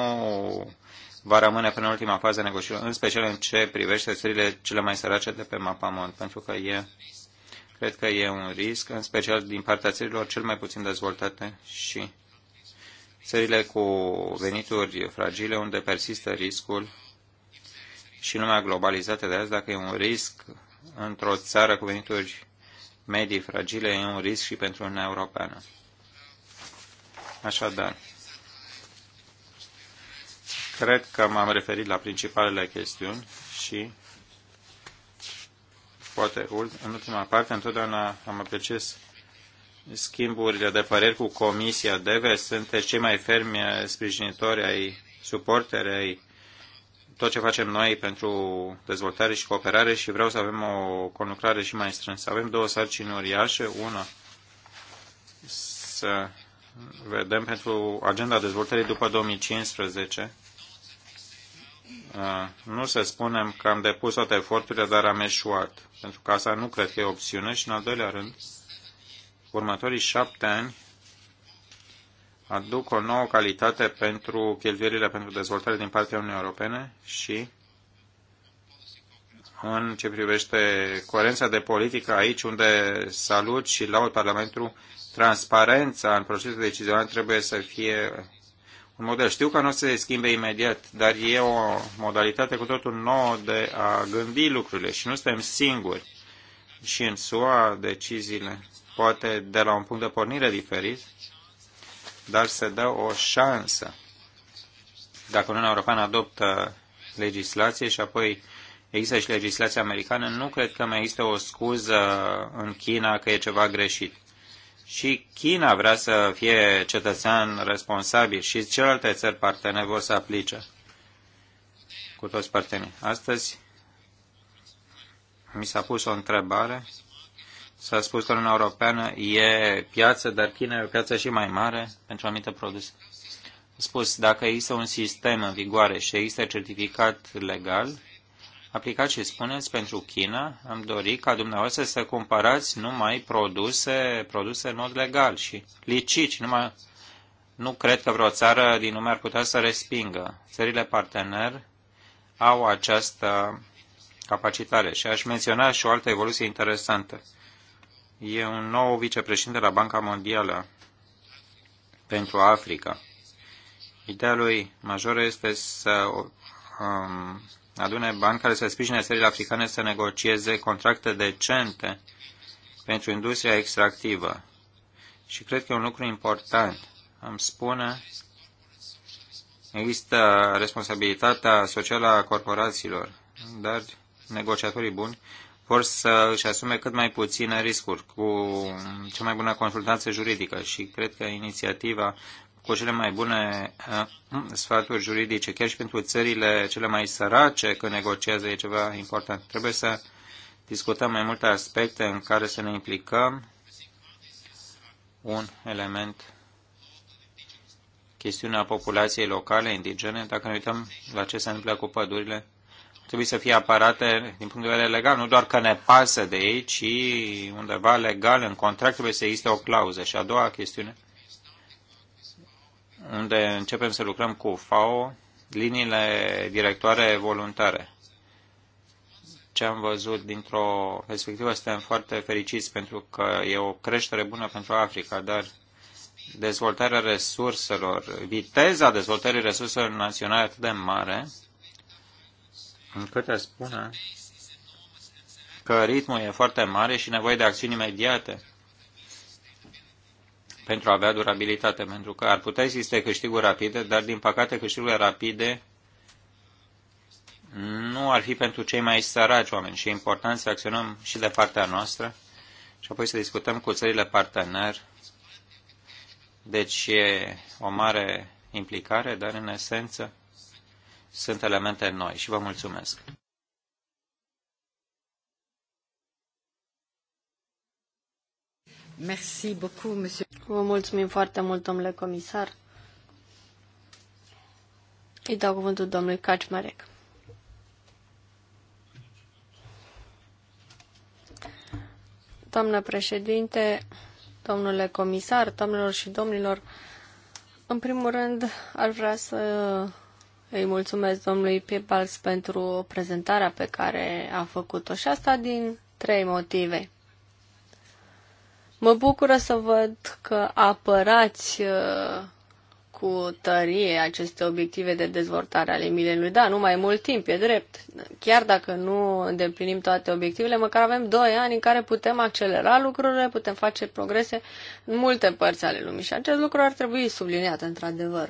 va rămâne până în ultima fază a negocierilor, în special în ce privește țările cele mai sărace de pe mapamont, pentru că e Cred că e un risc, în special din partea țărilor cel mai puțin dezvoltate și țările cu venituri fragile, unde persistă riscul și lumea globalizată de azi, dacă e un risc într-o țară cu venituri medii fragile, e un risc și pentru Uniunea Europeană. Așadar, cred că m-am referit la principalele chestiuni și poate, în ultima parte, întotdeauna am apreciat schimburile de păreri cu Comisia DEVE. Sunteți cei mai fermi sprijinitori ai suporterei ai tot ce facem noi pentru dezvoltare și cooperare și vreau să avem o conlucrare și mai strânsă. Avem două sarcini uriașe. Una, să vedem pentru agenda dezvoltării după 2015 nu să spunem că am depus toate eforturile, dar am eșuat. Pentru că asta nu cred că e opțiune și, în al doilea rând, următorii șapte ani aduc o nouă calitate pentru cheltuielile pentru dezvoltare din partea Uniunii Europene și în ce privește coerența de politică aici, unde salut și laud Parlamentul, transparența în procesul decizional trebuie să fie în model. Știu că nu se schimbe imediat, dar e o modalitate cu totul nouă de a gândi lucrurile și nu suntem singuri. Și în SUA deciziile, poate de la un punct de pornire diferit, dar se dă o șansă. Dacă Uniunea Europeană adoptă legislație și apoi există și legislația americană, nu cred că mai există o scuză în China că e ceva greșit și China vrea să fie cetățean responsabil și celelalte țări partene vor să aplice cu toți partenerii. Astăzi mi s-a pus o întrebare. S-a spus că Uniunea Europeană e piață, dar China e o piață și mai mare pentru anumite produse. A spus, dacă există un sistem în vigoare și există certificat legal, aplicați și spuneți pentru China, am dorit ca dumneavoastră să cumpărați numai produse, produse în mod legal și licici, numai nu cred că vreo țară din lume ar putea să respingă. Țările partener au această capacitare și aș menționa și o altă evoluție interesantă. E un nou vicepreședinte la Banca Mondială pentru Africa. Ideea lui majoră este să um, adune bani care să sprijine țările africane să negocieze contracte decente pentru industria extractivă. Și cred că e un lucru important. Îmi spune, există responsabilitatea socială a corporațiilor, dar negociatorii buni vor să își asume cât mai puține riscuri cu cea mai bună consultanță juridică și cred că inițiativa cu cele mai bune uh, sfaturi juridice, chiar și pentru țările cele mai sărace când negociază e ceva important. Trebuie să discutăm mai multe aspecte în care să ne implicăm. Un element, chestiunea populației locale, indigene, dacă ne uităm la ce se întâmplă cu pădurile, trebuie să fie aparate din punct de vedere legal, nu doar că ne pasă de ei, ci undeva legal, în contract trebuie să existe o clauză. Și a doua chestiune, unde începem să lucrăm cu FAO, liniile directoare voluntare. Ce am văzut dintr-o perspectivă, suntem foarte fericiți pentru că e o creștere bună pentru Africa, dar dezvoltarea resurselor, viteza dezvoltării resurselor naționale atât de mare, încât te spune că ritmul e foarte mare și nevoie de acțiuni imediate pentru a avea durabilitate, pentru că ar putea exista câștiguri rapide, dar din păcate câștigurile rapide nu ar fi pentru cei mai săraci oameni și e important să acționăm și de partea noastră și apoi să discutăm cu țările partener. Deci e o mare implicare, dar în esență sunt elemente noi și vă mulțumesc. Merci beaucoup, monsieur. Vă mulțumim foarte mult, domnule comisar. Îi dau cuvântul domnului Kaczmarek. Doamnă președinte, domnule comisar, doamnelor și domnilor, în primul rând ar vrea să îi mulțumesc domnului Piebalgs pentru prezentarea pe care a făcut-o și asta din trei motive. Mă bucură să văd că apărați uh, cu tărie aceste obiective de dezvoltare ale mileniului. Da, nu mai mult timp, e drept. Chiar dacă nu îndeplinim toate obiectivele, măcar avem doi ani în care putem accelera lucrurile, putem face progrese în multe părți ale lumii și acest lucru ar trebui subliniat, într-adevăr.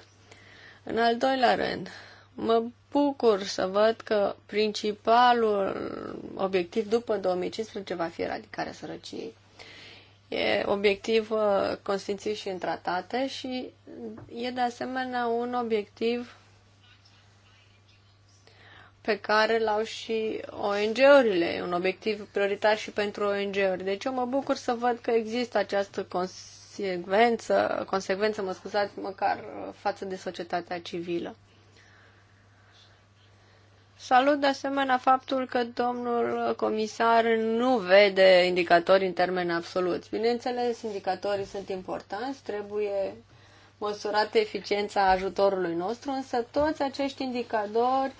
În al doilea rând, mă bucur să văd că principalul obiectiv după 2015 va fi eradicarea sărăciei. E obiectiv uh, consfințit și în tratate și e de asemenea un obiectiv pe care l-au și ONG-urile, un obiectiv prioritar și pentru ONG-uri. Deci eu mă bucur să văd că există această consecvență, consecvență mă scuzați, măcar uh, față de societatea civilă. Salut de asemenea faptul că domnul comisar nu vede indicatori în termen absolut. Bineînțeles, indicatorii sunt importanți, trebuie măsurată eficiența ajutorului nostru, însă toți acești indicatori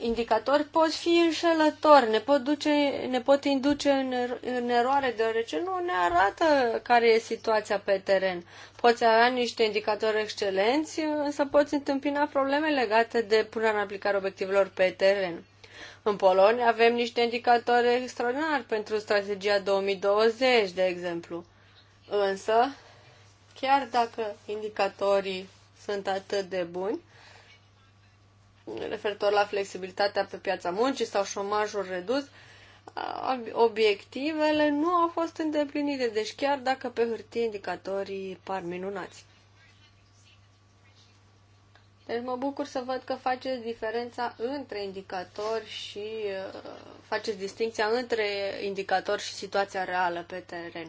indicatori pot fi înșelători, ne pot, duce, ne pot induce în, er-, în eroare, deoarece nu ne arată care e situația pe teren. Poți avea niște indicatori excelenți, însă poți întâmpina probleme legate de punerea în aplicare obiectivelor pe teren. În Polonia avem niște indicatori extraordinari pentru strategia 2020, de exemplu. Însă, chiar dacă indicatorii sunt atât de buni, referitor la flexibilitatea pe piața muncii sau șomajul redus, obiectivele nu au fost îndeplinite, deci chiar dacă pe hârtie indicatorii par minunați. Deci mă bucur să văd că faceți diferența între indicatori și uh, faceți distinția între indicatori și situația reală pe teren.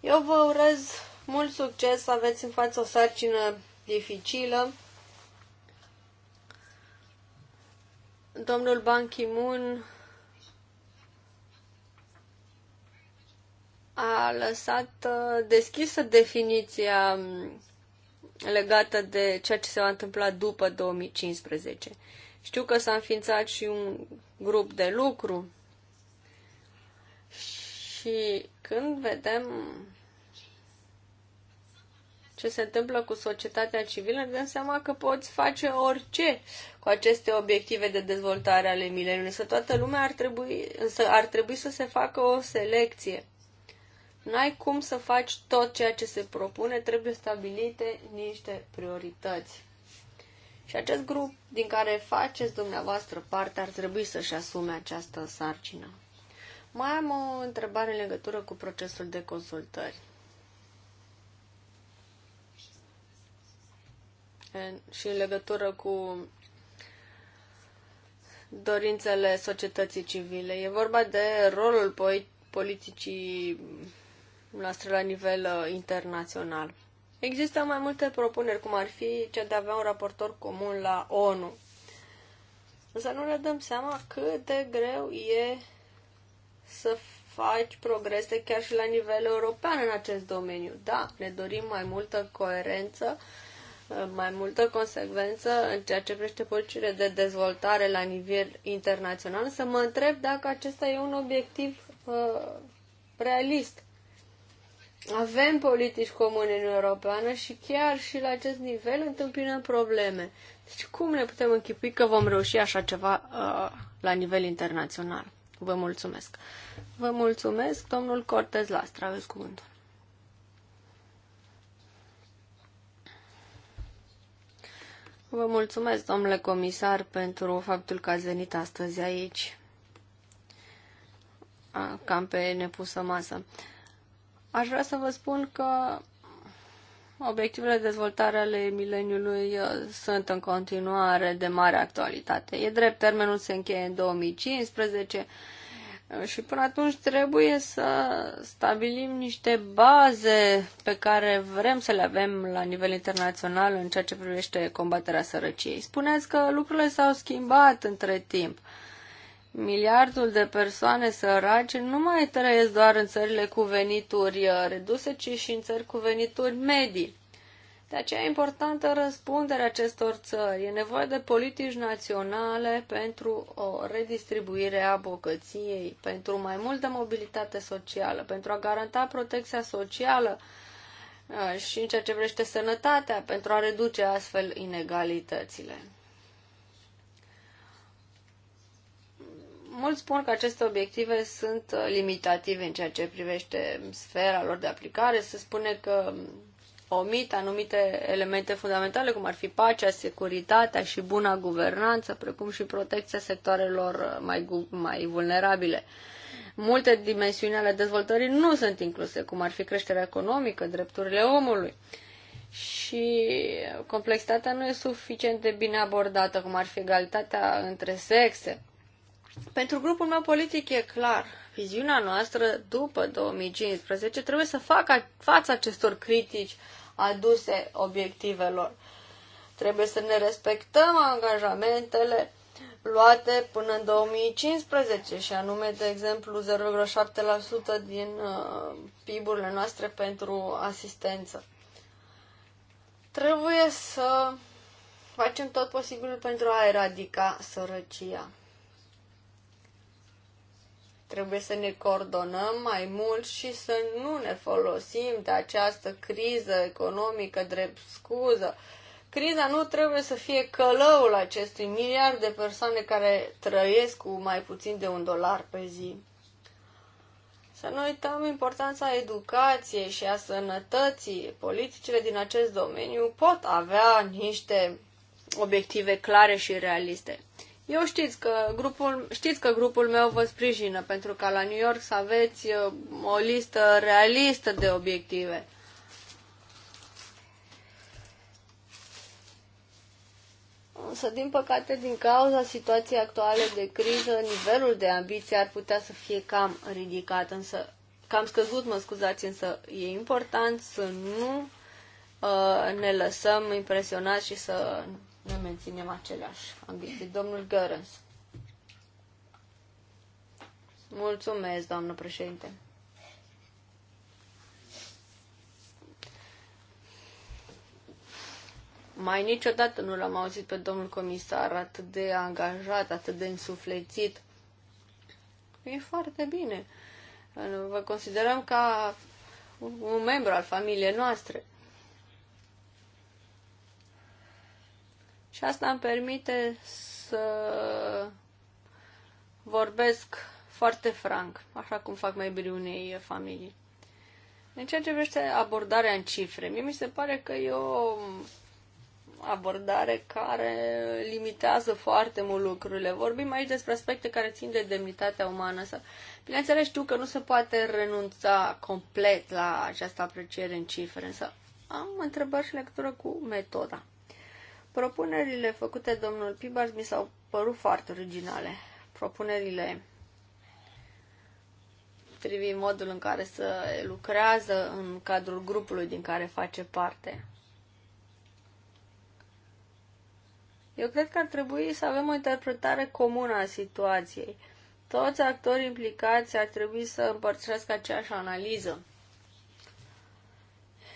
Eu vă urez mult succes, aveți în față o sarcină dificilă Domnul Ban Ki-moon a lăsat uh, deschisă definiția um, legată de ceea ce se va întâmpla după 2015. Știu că s-a înființat și un grup de lucru și când vedem ce se întâmplă cu societatea civilă, ne dăm seama că poți face orice cu aceste obiective de dezvoltare ale mileniului. Însă toată lumea ar trebui, însă ar trebui să se facă o selecție. N-ai cum să faci tot ceea ce se propune, trebuie stabilite niște priorități. Și acest grup din care faceți dumneavoastră parte ar trebui să-și asume această sarcină. Mai am o întrebare în legătură cu procesul de consultări. și în legătură cu dorințele societății civile. E vorba de rolul politicii noastre la nivel uh, internațional. Există mai multe propuneri, cum ar fi cea de a avea un raportor comun la ONU. Însă nu ne dăm seama cât de greu e să faci progrese chiar și la nivel european în acest domeniu. Da, ne dorim mai multă coerență, mai multă consecvență în ceea ce privește politicile de dezvoltare la nivel internațional, să mă întreb dacă acesta e un obiectiv uh, realist. Avem politici comune în Europeană și chiar și la acest nivel întâmpinăm probleme. Deci cum ne putem închipui că vom reuși așa ceva uh, la nivel internațional? Vă mulțumesc. Vă mulțumesc, domnul Cortez Lastra, aveți cuvântul. Vă mulțumesc, domnule comisar, pentru faptul că ați venit astăzi aici, cam pe nepusă masă. Aș vrea să vă spun că obiectivele de dezvoltare ale mileniului uh, sunt în continuare de mare actualitate. E drept, termenul se încheie în 2015, și până atunci trebuie să stabilim niște baze pe care vrem să le avem la nivel internațional în ceea ce privește combaterea sărăciei. Spuneți că lucrurile s-au schimbat între timp. Miliardul de persoane sărace nu mai trăiesc doar în țările cu venituri uh, reduse, ci și în țări cu venituri medii. De aceea e importantă răspunderea acestor țări. E nevoie de politici naționale pentru o redistribuire a bogăției, pentru mai multă mobilitate socială, pentru a garanta protecția socială uh, și în ceea ce vrește sănătatea, pentru a reduce astfel inegalitățile. Mulți spun că aceste obiective sunt limitative în ceea ce privește sfera lor de aplicare. Se spune că omit anumite elemente fundamentale, cum ar fi pacea, securitatea și buna guvernanță, precum și protecția sectoarelor mai, mai vulnerabile. Multe dimensiuni ale dezvoltării nu sunt incluse, cum ar fi creșterea economică, drepturile omului. Și complexitatea nu e suficient de bine abordată, cum ar fi egalitatea între sexe. Pentru grupul meu politic e clar, viziunea noastră după 2015 trebuie să facă față acestor critici aduse obiectivelor. Trebuie să ne respectăm angajamentele luate până în 2015 și anume, de exemplu, 0,7% din uh, PIB-urile noastre pentru asistență. Trebuie să facem tot posibilul pentru a eradica sărăcia. Trebuie să ne coordonăm mai mult și să nu ne folosim de această criză economică drept scuză. Criza nu trebuie să fie călăul acestui miliard de persoane care trăiesc cu mai puțin de un dolar pe zi. Să nu uităm importanța educației și a sănătății. Politicile din acest domeniu pot avea niște obiective clare și realiste. Eu știți că, grupul, știți că grupul meu vă sprijină pentru ca la New York să aveți uh, o listă realistă de obiective. Însă, din păcate, din cauza situației actuale de criză, nivelul de ambiție ar putea să fie cam ridicat, însă cam scăzut, mă scuzați, însă e important să nu uh, ne lăsăm impresionați și să ne menținem aceleași ambiții. Domnul Gărâns. Mulțumesc, doamnă președinte. Mai niciodată nu l-am auzit pe domnul comisar atât de angajat, atât de însuflețit. E foarte bine. Vă considerăm ca un membru al familiei noastre. Și asta îmi permite să vorbesc foarte franc, așa cum fac membrii unei familii. În ceea ce privește abordarea în cifre, mie mi se pare că e o abordare care limitează foarte mult lucrurile. Vorbim aici despre aspecte care țin de demnitatea umană. Să... Bineînțeles, știu că nu se poate renunța complet la această apreciere în cifre, însă am întrebări și legătură cu metoda. Propunerile făcute domnul Pibars mi s-au părut foarte originale. Propunerile privind modul în care să lucrează în cadrul grupului din care face parte. Eu cred că ar trebui să avem o interpretare comună a situației. Toți actorii implicați ar trebui să împărtășească aceeași analiză.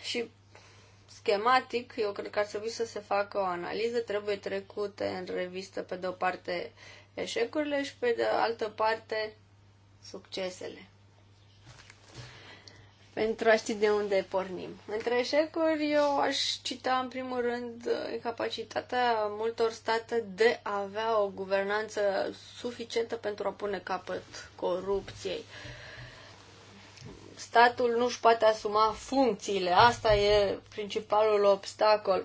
Și schematic, eu cred că ar trebui să se facă o analiză, trebuie trecute în revistă pe de o parte eșecurile și pe de altă parte succesele. Pentru a ști de unde pornim. Între eșecuri, eu aș cita în primul rând incapacitatea multor state de a avea o guvernanță suficientă pentru a pune capăt corupției. Uh, statul nu își poate asuma funcțiile. Asta e principalul obstacol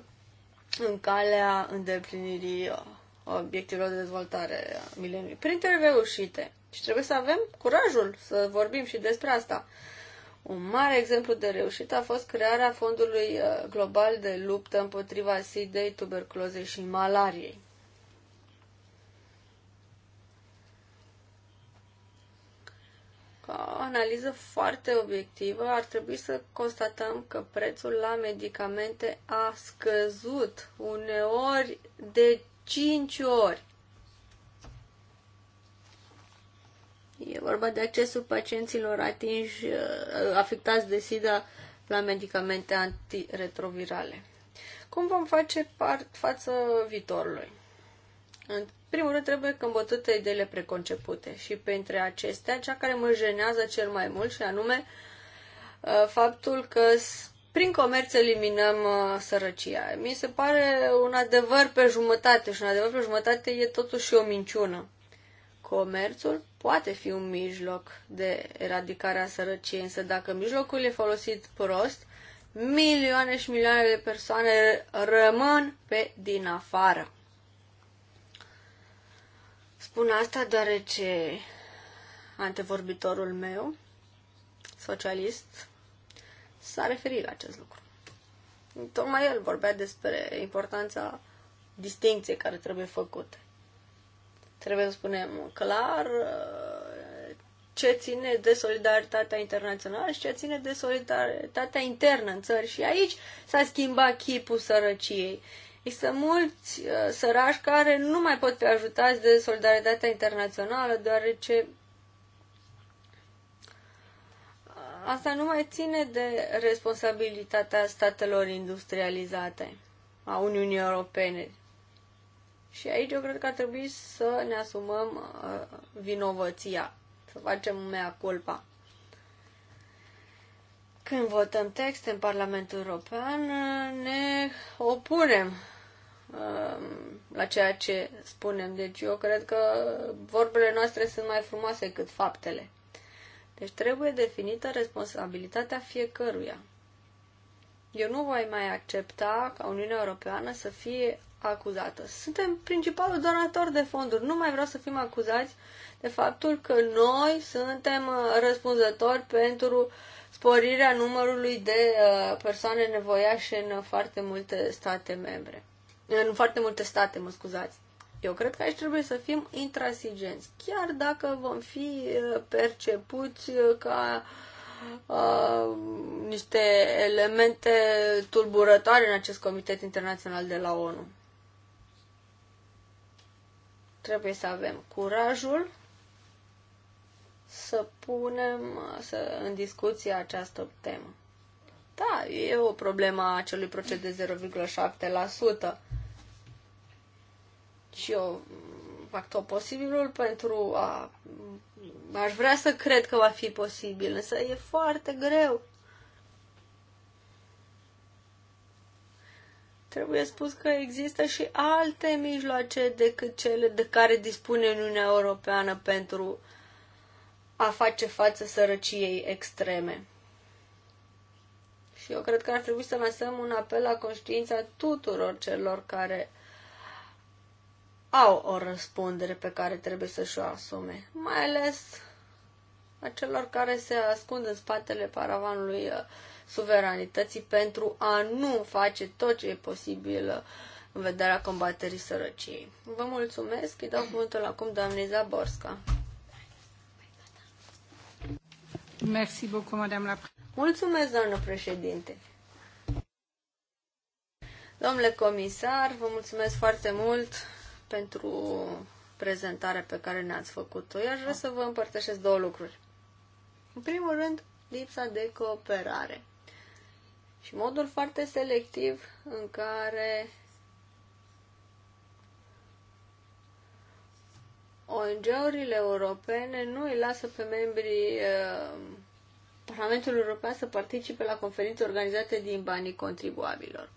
în calea îndeplinirii uh, obiectivelor de dezvoltare a mileniului. Printre reușite. Și trebuie să avem curajul să vorbim și despre asta. Un mare exemplu de reușită a fost crearea Fondului uh, Global de Luptă împotriva SIDEI, tuberculozei și malariei. analiză foarte obiectivă, ar trebui să constatăm că prețul la medicamente a scăzut uneori de 5 ori. E vorba de accesul pacienților atinși, uh, afectați de SIDA la medicamente antiretrovirale. Cum vom face part față viitorului? În primul rând trebuie combătute ideile preconcepute și printre acestea cea care mă jenează cel mai mult și anume uh, faptul că prin comerț eliminăm uh, sărăcia. Mi se pare un adevăr pe jumătate și un adevăr pe jumătate e totuși o minciună. Comerțul poate fi un mijloc de eradicare a sărăciei, însă dacă mijlocul e folosit prost, milioane și milioane de persoane rămân pe din afară. Spun asta deoarece antevorbitorul meu, socialist, s-a referit la acest lucru. Tocmai el vorbea despre importanța distinției care trebuie făcute. Trebuie să spunem clar uh, ce ține de solidaritatea internațională și ce ține de solidaritatea internă în țări. Și aici s-a schimbat chipul sărăciei. Există mulți uh, sărași care nu mai pot fi ajutați de solidaritatea internațională, deoarece uh, asta nu mai ține de responsabilitatea statelor industrializate, a Uniunii Europene. Și aici eu cred că ar trebui să ne asumăm uh, vinovăția, să facem mea culpa. Când votăm texte în Parlamentul European, ne opunem um, la ceea ce spunem. Deci eu cred că vorbele noastre sunt mai frumoase decât faptele. Deci trebuie definită responsabilitatea fiecăruia. Eu nu voi mai accepta ca Uniunea Europeană să fie acuzată. Suntem principalul donator de fonduri. Nu mai vreau să fim acuzați de faptul că noi suntem uh, răspunzători pentru uh, sporirea numărului de uh, persoane nevoiașe în foarte multe state membre. În foarte multe state, mă scuzați. Eu cred că aici trebuie să fim intransigenți, chiar dacă vom fi uh, percepuți uh, ca uh, niște elemente tulburătoare în acest Comitet Internațional de la ONU. Trebuie să avem curajul să punem să, în discuție această temă. Da, e o problemă a acelui procent de 0,7% și eu fac tot posibilul pentru a... Aș vrea să cred că va fi posibil, însă e foarte greu. Trebuie spus că există și alte mijloace decât cele de care dispune Uniunea Europeană pentru uh, a face față sărăciei extreme. Și eu cred că ar trebui să lansăm un apel la conștiința tuturor celor care au o răspundere pe care trebuie să-și o asume, mai ales a celor care se ascund în spatele paravanului uh, suveranității pentru a nu face tot ce e posibil uh, în vederea combaterii sărăciei. Vă mulțumesc, îi dau cuvântul acum doamnei Zaborska. Merci beaucoup, madame la... Mulțumesc, doamnă președinte. Domnule comisar, vă mulțumesc foarte mult pentru prezentarea pe care ne-ați făcut-o. Eu aș vrea să vă împărtășesc două lucruri. În primul rând, lipsa de cooperare și modul foarte selectiv în care ONG-urile europene nu îi lasă pe membrii eh, Parlamentului European să participe la conferințe organizate din banii contribuabilor.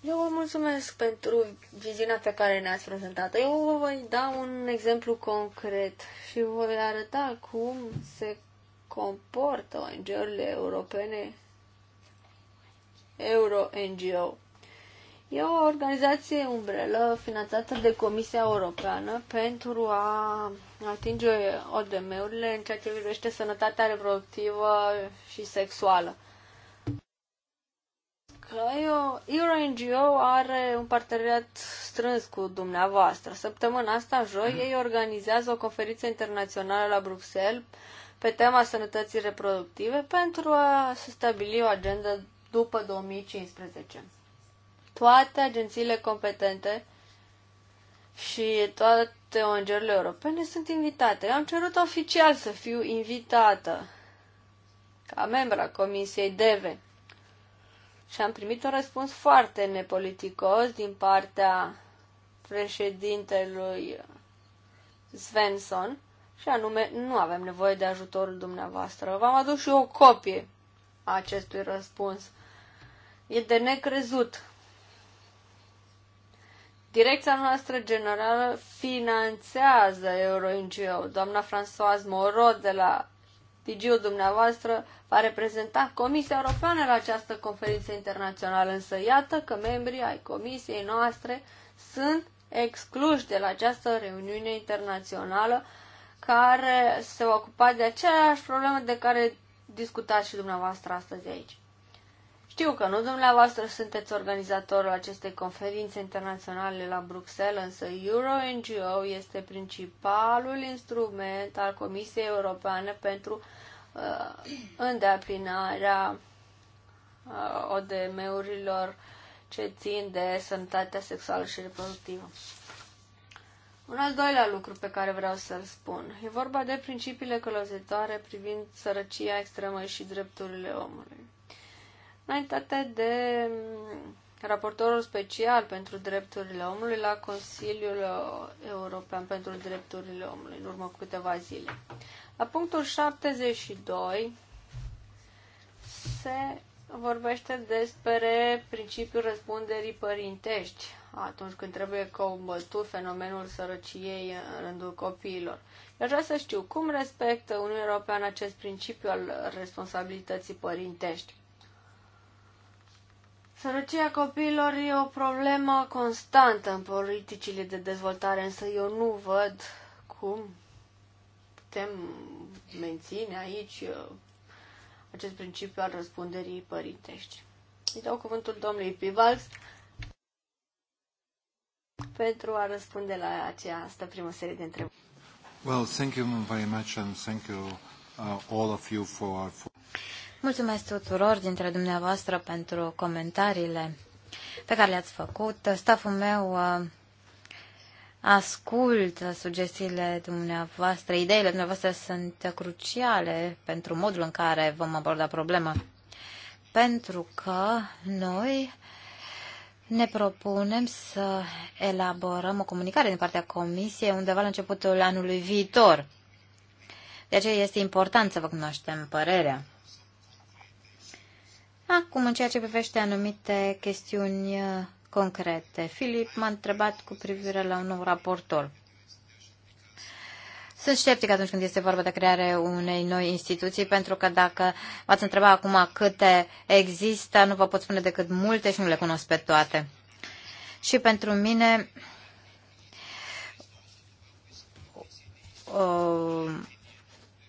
Eu vă mulțumesc pentru viziunea pe care ne-ați prezentat Eu vă voi da un exemplu concret și vă voi arăta cum se comportă ONG-urile europene Euro-NGO. E o organizație umbrelă finanțată de Comisia Europeană pentru a atinge ODM-urile în ceea ce privește sănătatea reproductivă și sexuală. NGO are un parteneriat strâns cu dumneavoastră. Săptămâna asta, joi, ei organizează o conferință internațională la Bruxelles pe tema sănătății reproductive pentru a stabili o agendă după 2015 toate agențiile competente și toate ONG-urile europene sunt invitate. Eu am cerut oficial să fiu invitată ca membra Comisiei DEVE și am primit un răspuns foarte nepoliticos din partea președintelui Svensson și anume nu avem nevoie de ajutorul dumneavoastră. V-am adus și eu o copie a acestui răspuns. E de necrezut Direcția noastră generală finanțează euro NGO. Doamna Françoise Moreau de la Digiul dumneavoastră va reprezenta Comisia Europeană la această conferință internațională, însă iată că membrii ai Comisiei noastre sunt excluși de la această reuniune internațională care se va ocupa de aceeași problemă de care discutați și dumneavoastră astăzi aici. Știu că nu dumneavoastră sunteți organizatorul acestei conferințe internaționale la Bruxelles, însă EuroNGO este principalul instrument al Comisiei Europene pentru uh, îndeplinarea uh, ODM-urilor ce țin de sănătatea sexuală și reproductivă. Un al doilea lucru pe care vreau să-l spun e vorba de principiile călăuzitoare privind sărăcia extremă și drepturile omului. Înaintate de mm, raportorul special pentru drepturile omului la Consiliul uh, European pentru Drepturile Omului în urmă cu câteva zile. La punctul 72 se vorbește despre principiul răspunderii părintești atunci când trebuie combătut fenomenul sărăciei în rândul copiilor. Eu vreau să știu cum respectă Uniunea Europeană acest principiu al responsabilității părintești. Sărăcia copiilor e o problemă constantă în politicile de dezvoltare, însă eu nu văd cum putem menține aici uh, acest principiu al răspunderii părintești. Îi dau cuvântul domnului Pivals pentru a răspunde la această primă serie de întrebări. Well, thank you very much and thank you uh, all of you for, for... Mulțumesc tuturor dintre dumneavoastră pentru comentariile pe care le-ați făcut. Staful meu uh, ascultă sugestiile dumneavoastră. Ideile dumneavoastră sunt cruciale pentru modul în care vom aborda problema. Pentru că noi ne propunem să elaborăm o comunicare din partea Comisiei undeva la începutul anului viitor. De aceea este important să vă cunoaștem părerea. Acum, în ceea ce privește anumite chestiuni uh, concrete, Filip m-a întrebat cu privire la un nou raportor. Sunt sceptic atunci când este vorba de crearea unei noi instituții, pentru că dacă v-ați întreba acum câte există, nu vă pot spune decât multe și nu le cunosc pe toate. Și pentru mine,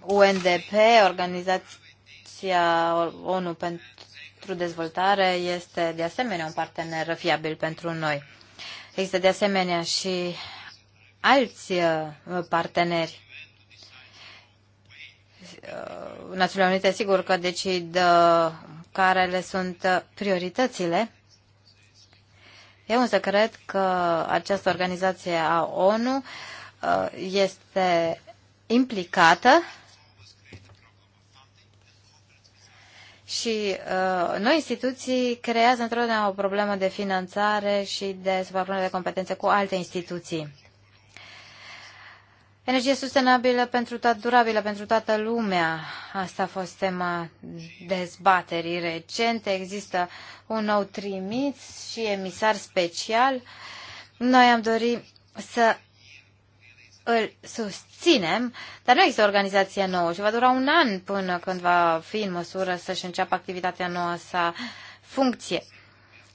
UNDP, uh, Organizația ONU pentru pentru dezvoltare este de asemenea un partener fiabil pentru noi. Există de asemenea și alți uh, parteneri. Uh, Națiunile Unite, sigur că decid uh, care le sunt prioritățile. Eu însă cred că această organizație a ONU este implicată Și uh, noi instituții creează întotdeauna o problemă de finanțare și de suprapunere de competențe cu alte instituții. Energie sustenabilă pentru toată, durabilă pentru toată lumea. Asta a fost tema dezbaterii recente. Există un nou trimis și emisar special. Noi am dorit să îl susținem, dar nu există o organizație nouă și va dura un an până când va fi în măsură să-și înceapă activitatea nouă sa funcție.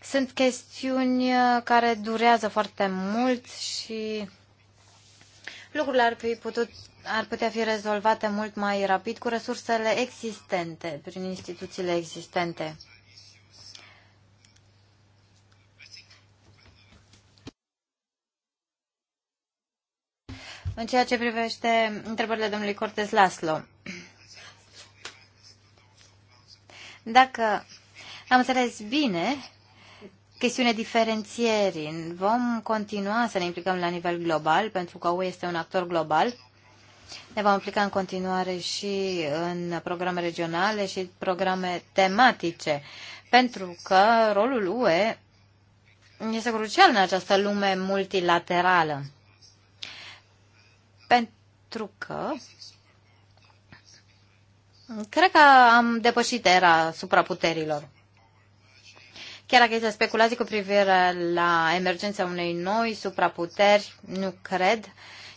Sunt chestiuni uh, care durează foarte mult și lucrurile ar, fi putut, ar putea fi rezolvate mult mai rapid cu resursele existente, prin instituțiile existente. În ceea ce privește întrebările domnului Cortez Laslo, dacă am înțeles bine, chestiune diferențierii. Vom continua să ne implicăm la nivel global, pentru că UE este un actor global. Ne vom implica în continuare și în programe regionale și programe tematice, pentru că rolul UE este crucial în această lume multilaterală pentru că cred că am depășit era supraputerilor. Chiar dacă este speculații cu privire la emergența unei noi supraputeri, nu cred.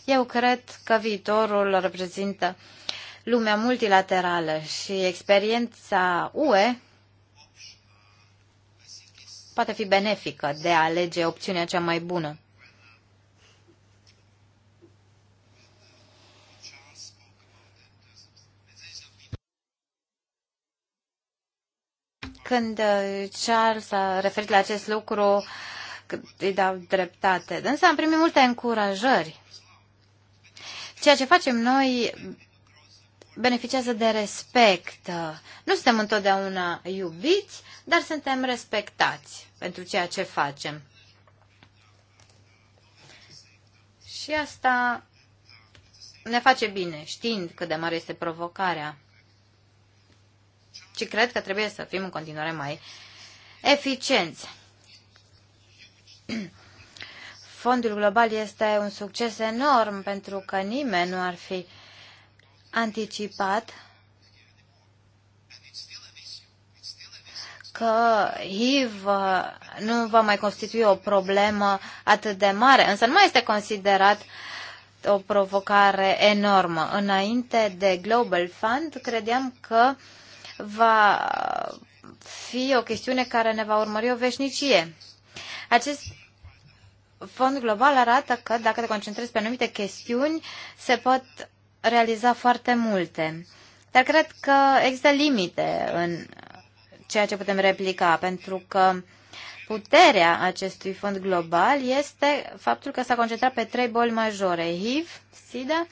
Eu cred că viitorul reprezintă lumea multilaterală și experiența UE poate fi benefică de a alege opțiunea cea mai bună. când uh, Charles a referit la acest lucru, îi dau dreptate. Însă am primit multe încurajări. Ceea ce facem noi beneficiază de respect. Nu suntem întotdeauna iubiți, dar suntem respectați pentru ceea ce facem. Și asta ne face bine, știind cât de mare este provocarea ci cred că trebuie să fim în continuare mai eficienți. Fondul global este un succes enorm pentru că nimeni nu ar fi anticipat că HIV nu va mai constitui o problemă atât de mare, însă nu mai este considerat o provocare enormă. Înainte de Global Fund, credeam că uh, va fi o chestiune care ne va urmări o veșnicie. Acest fond global arată că dacă te concentrezi pe anumite chestiuni, se pot realiza foarte multe. Dar cred că există limite în ceea ce putem replica, pentru că puterea acestui fond global este faptul că s-a concentrat pe trei boli majore, HIV, SIDA,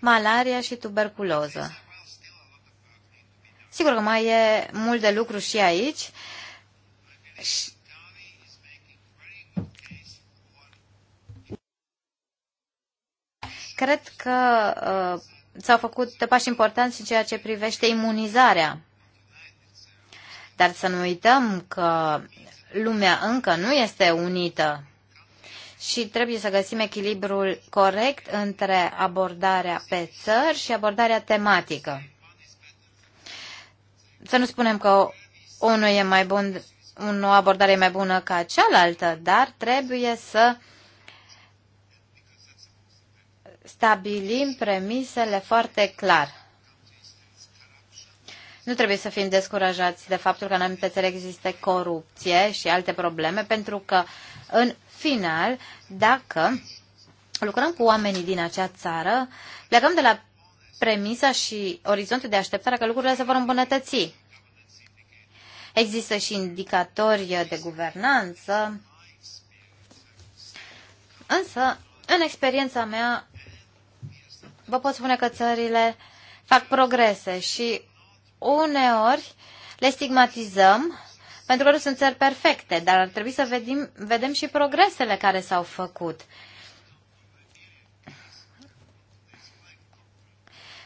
malaria și tuberculoză. Sigur că mai e mult de lucru și aici. Cred că uh, s-au făcut pași importanți în ceea ce privește imunizarea. Dar să nu uităm că lumea încă nu este unită și trebuie să găsim echilibrul corect între abordarea pe țări și abordarea tematică să nu spunem că unul e mai bun, o abordare e mai bună ca cealaltă, dar trebuie să stabilim premisele foarte clar. Nu trebuie să fim descurajați de faptul că în anumite țări există corupție și alte probleme, pentru că, în final, dacă lucrăm cu oamenii din acea țară, plecăm de la premisa și orizontul de așteptare că lucrurile se vor îmbunătăți. Există și indicatori de guvernanță, însă, în experiența mea, vă pot spune că țările fac progrese și uneori le stigmatizăm pentru că nu sunt țări perfecte, dar ar trebui să vedem, vedem și progresele care s-au făcut. Uh,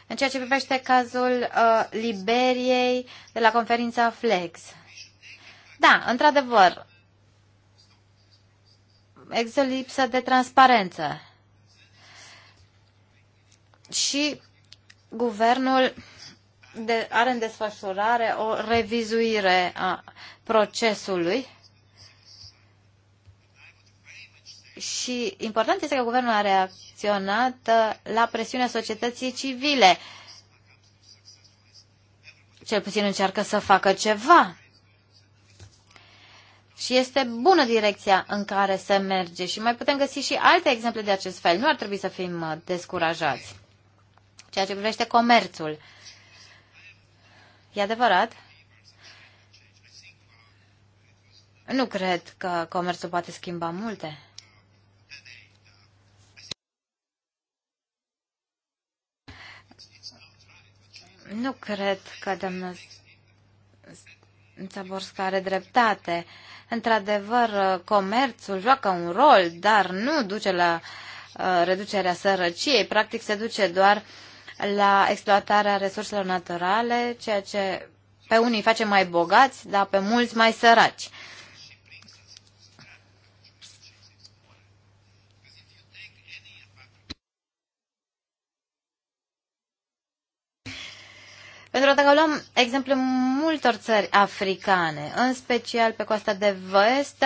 În ceea ce privește cazul uh, Liberiei de la conferința Flex. Da, într-adevăr, există lipsă de transparență. Și guvernul de, are în desfășurare o revizuire a procesului Și important este că guvernul a reacționat uh, la presiunea societății civile. Cel puțin încearcă să facă ceva. Și este bună direcția în care se merge. Și mai putem găsi și alte exemple de acest fel. Nu ar trebui să fim uh, descurajați. Ceea ce privește comerțul. E adevărat? Nu cred că comerțul poate schimba multe. Nu cred că doamna Zaborska are dreptate. Într-adevăr, comerțul joacă un rol, dar nu duce la uh, reducerea sărăciei. Practic se duce doar la exploatarea resurselor naturale, ceea ce pe unii face mai bogați, dar pe mulți mai săraci. Pentru că dacă luăm exemplu multor țări africane, în special pe coasta de vest,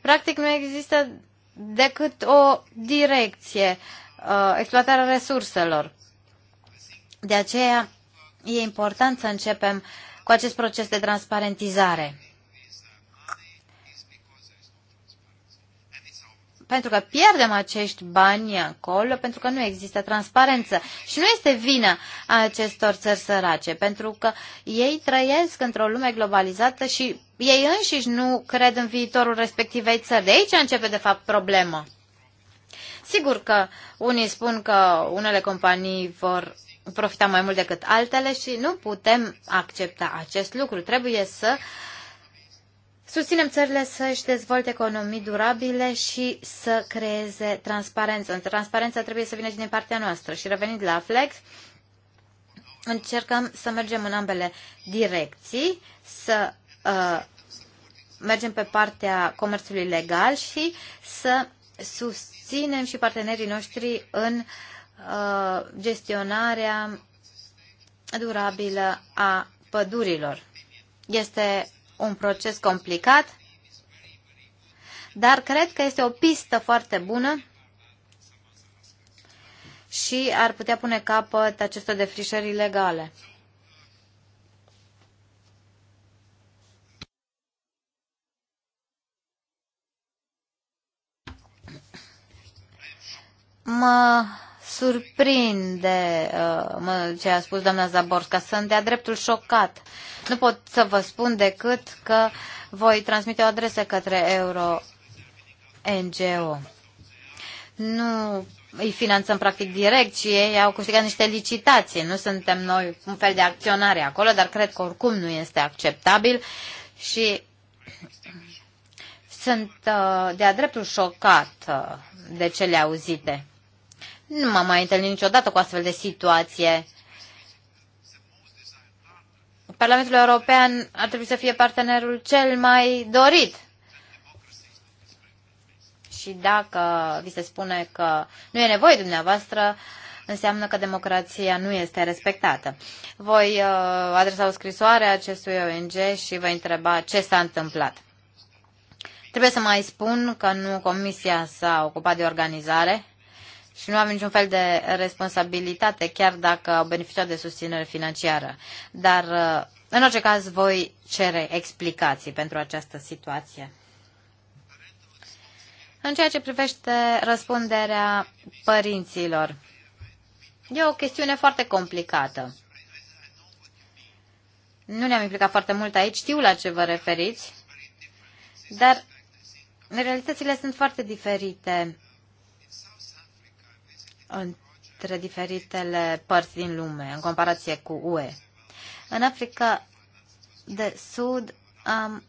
practic nu există decât o direcție, uh, exploatarea resurselor. De aceea e important să începem cu acest proces de transparentizare. pentru că pierdem acești bani acolo, pentru că nu există transparență. Și nu este vina acestor țări sărace, pentru că ei trăiesc într-o lume globalizată și ei înșiși nu cred în viitorul respectivei țări. De aici începe, de fapt, problema. Sigur că unii spun că unele companii vor profita mai mult decât altele și nu putem accepta acest lucru. Trebuie să uh, Susținem țările să-și dezvolte economii durabile și să creeze transparență. Transparența trebuie să vină și din partea noastră. Și revenind la Flex, încercăm să mergem în ambele direcții, să uh, mergem pe partea comerțului legal și să susținem și partenerii noștri în uh, gestionarea durabilă a pădurilor. Este un proces complicat, dar cred că este o pistă foarte bună și ar putea pune capăt acestor defrișări ilegale. Mă surprinde uh, ce a spus doamna Zaborska. Sunt de-a dreptul șocat. Nu pot să vă spun decât că voi transmite o adresă către Euro NGO. Nu îi finanțăm practic direct ci ei au câștigat niște licitații. Nu suntem noi un fel de acționare acolo, dar cred că oricum nu este acceptabil și sunt uh, de-a dreptul șocat uh, de cele auzite. Nu m-am mai întâlnit niciodată cu astfel de situație. Parlamentul European ar trebui să fie partenerul cel mai dorit. Și dacă vi se spune că nu e nevoie dumneavoastră, înseamnă că democrația nu este respectată. Voi uh, adresa o scrisoare acestui ONG și vă întreba ce s-a întâmplat. Trebuie să mai spun că nu Comisia s-a ocupat de organizare, și nu avem niciun fel de responsabilitate, chiar dacă au beneficiat de susținere financiară. Dar, uh, în orice caz, voi cere explicații pentru această situație. În ceea ce privește răspunderea părinților, e o chestiune foarte complicată. Nu ne-am implicat foarte mult aici, știu la ce vă referiți, dar realitățile sunt foarte diferite între diferitele părți din lume, în comparație cu UE. În Africa de Sud am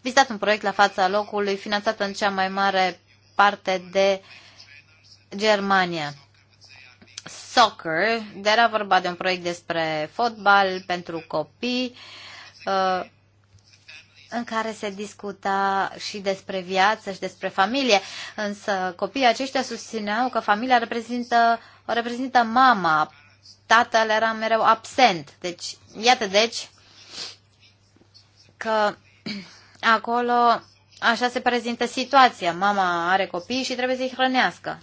vizitat un proiect la fața locului, finanțat în cea mai mare parte de Germania. Soccer, de era vorba de un proiect despre fotbal pentru copii, uh, în care se discuta și despre viață și despre familie, însă copiii aceștia susțineau că familia reprezintă, o reprezintă mama, tatăl era mereu absent. Deci, iată deci că acolo așa se prezintă situația. Mama are copii și trebuie să-i hrănească.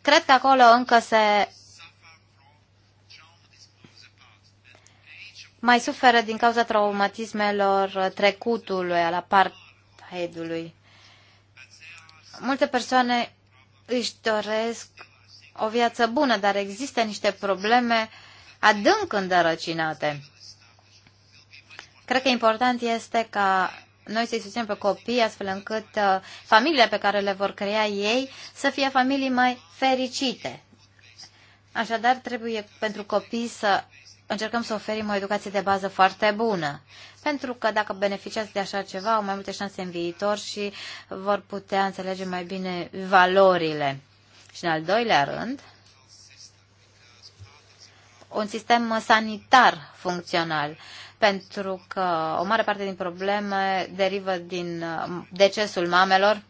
Cred că acolo încă se mai suferă din cauza traumatismelor trecutului, al apartheidului. Multe persoane își doresc o viață bună, dar există niște probleme adânc îndărăcinate. Cred că important este ca noi să-i susținem pe copii, astfel încât uh, familiile pe care le vor crea ei să fie familii mai fericite. Așadar, trebuie pentru copii să încercăm să oferim o educație de bază foarte bună. Pentru că dacă beneficiați de așa ceva, au mai multe șanse în viitor și vor putea înțelege mai bine valorile. Și în al doilea rând, un sistem sanitar funcțional pentru că o mare parte din probleme derivă din uh, decesul mamelor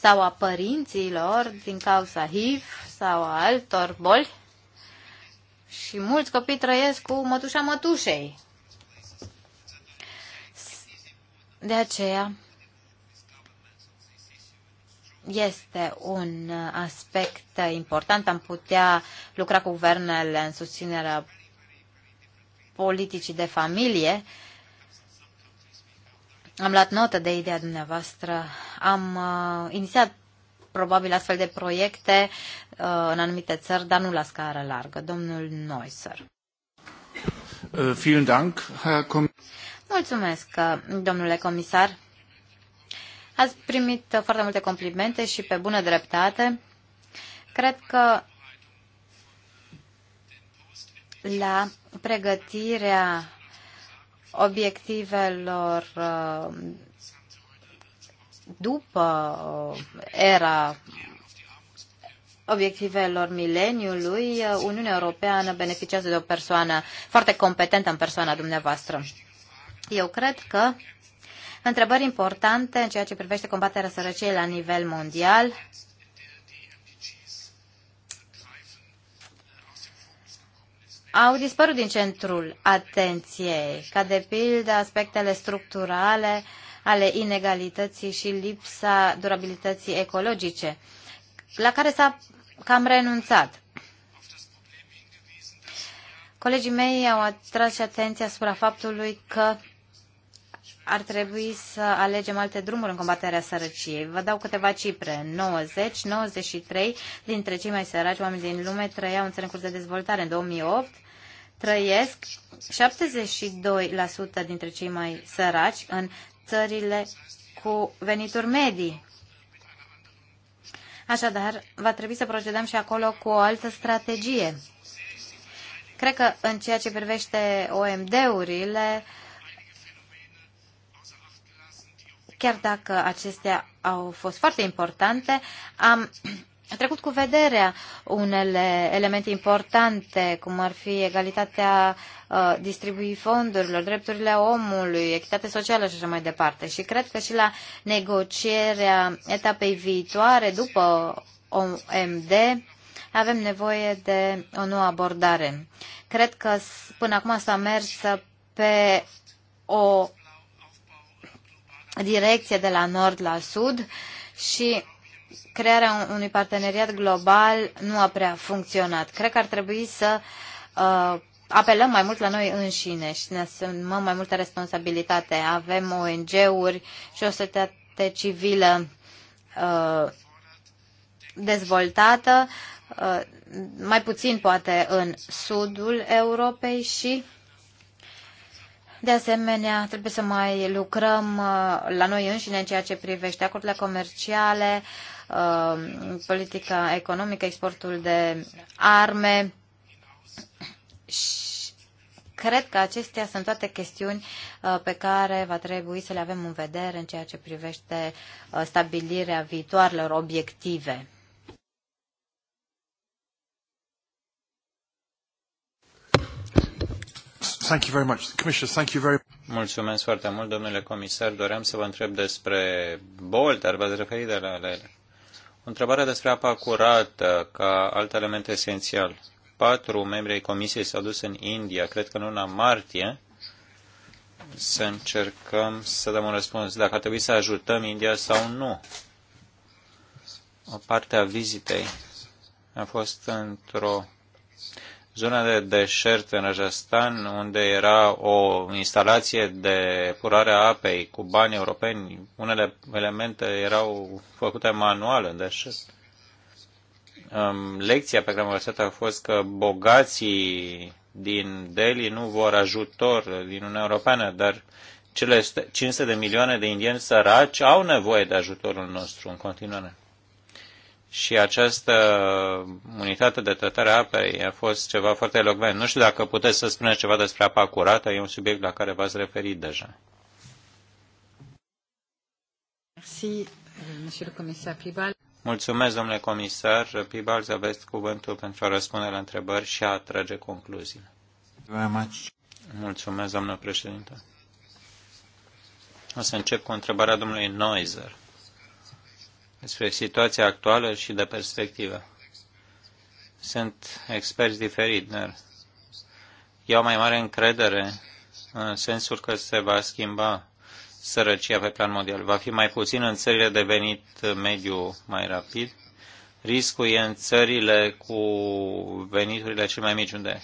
sau a părinților din cauza HIV sau a altor boli și mulți copii trăiesc cu mătușa mătușei. De aceea este un aspect important. Am putea lucra cu guvernele în susținerea politicii de familie. Am luat notă de ideea dumneavoastră. Am uh, inițiat probabil astfel de proiecte uh, în anumite țări, dar nu la scară largă. Domnul Neusser. Uh, Mulțumesc, uh, domnule comisar. Ați primit foarte multe complimente și pe bună dreptate. Cred că la pregătirea obiectivelor după uh, era obiectivelor mileniului, uh, Uniunea Europeană beneficiază de o persoană foarte competentă în persoana dumneavoastră. Eu cred că întrebări importante în ceea ce privește combaterea sărăciei la nivel mondial au dispărut din centrul atenției, ca de pildă aspectele structurale uh, ale inegalității și lipsa durabilității ecologice, la care s-a cam renunțat. Colegii mei au atras și atenția asupra faptului că ar trebui să alegem alte drumuri în combaterea sărăciei. Vă dau câteva cifre. 90, 93 dintre cei mai săraci oameni din lume trăiau în țări în curs de dezvoltare. În 2008 trăiesc 72% dintre cei mai săraci în țările cu venituri medii. Așadar, va trebui să procedăm și acolo cu o altă strategie. Cred că în ceea ce privește OMD-urile, chiar dacă acestea au fost foarte importante, am trecut cu vederea unele elemente importante, cum ar fi egalitatea Uh, distribui fondurilor, drepturile omului, echitate socială și așa mai departe. Și cred că și la negocierea etapei viitoare, după OMD, avem nevoie de o nouă abordare. Cred că până acum s-a mers pe o direcție de la nord la sud și crearea unui parteneriat global nu a prea funcționat. Cred că ar trebui să uh, apelăm mai mult la noi înșine și ne asumăm mai multă responsabilitate. Avem ONG-uri și o societate civilă uh, dezvoltată, uh, mai puțin poate în sudul Europei și de asemenea, trebuie să mai lucrăm uh, la noi înșine în ceea ce privește acordurile comerciale, politica economică, exportul de arme cred că acestea sunt toate chestiuni uh, pe care va trebui să le avem în vedere în ceea ce privește uh, stabilirea viitoarelor obiective. Thank you very much. Commissioner, thank you very Mulțumesc foarte mult, domnule comisar. Doream să vă întreb despre boli, dar v-ați referit de la ele. O întrebare despre apa curată ca alt element esențial patru membri ai comisiei s-au dus în India, cred că în luna martie, să încercăm să dăm un răspuns dacă ar trebui să ajutăm India sau nu. O parte a vizitei a fost într-o zonă de deșert în Rajasthan, unde era o instalație de purare a apei cu bani europeni. Unele elemente erau făcute manual în deșert lecția pe care am învățat a fost că bogații din Delhi nu vor ajutor din Uniunea Europeană, dar cele 500 de milioane de indieni săraci au nevoie de ajutorul nostru în continuare. Și această unitate de tratare a apei a fost ceva foarte elogvent. Nu știu dacă puteți să spuneți ceva despre apa curată, e un subiect la care v-ați referit deja. Mulțumesc, euh, monsieur le commissaire Mulțumesc, domnule comisar. Pibal, aveți cuvântul pentru a răspunde la întrebări și a trage concluzii. Mulțumesc, doamnă președinte. O să încep cu întrebarea domnului Noizer despre situația actuală și de perspectivă. Sunt experți diferiți, dar eu am mai mare încredere în sensul că se va schimba sărăcia pe plan mondial. Va fi mai puțin în țările de venit mediu mai rapid. Riscul e în țările cu veniturile cele mai mici, unde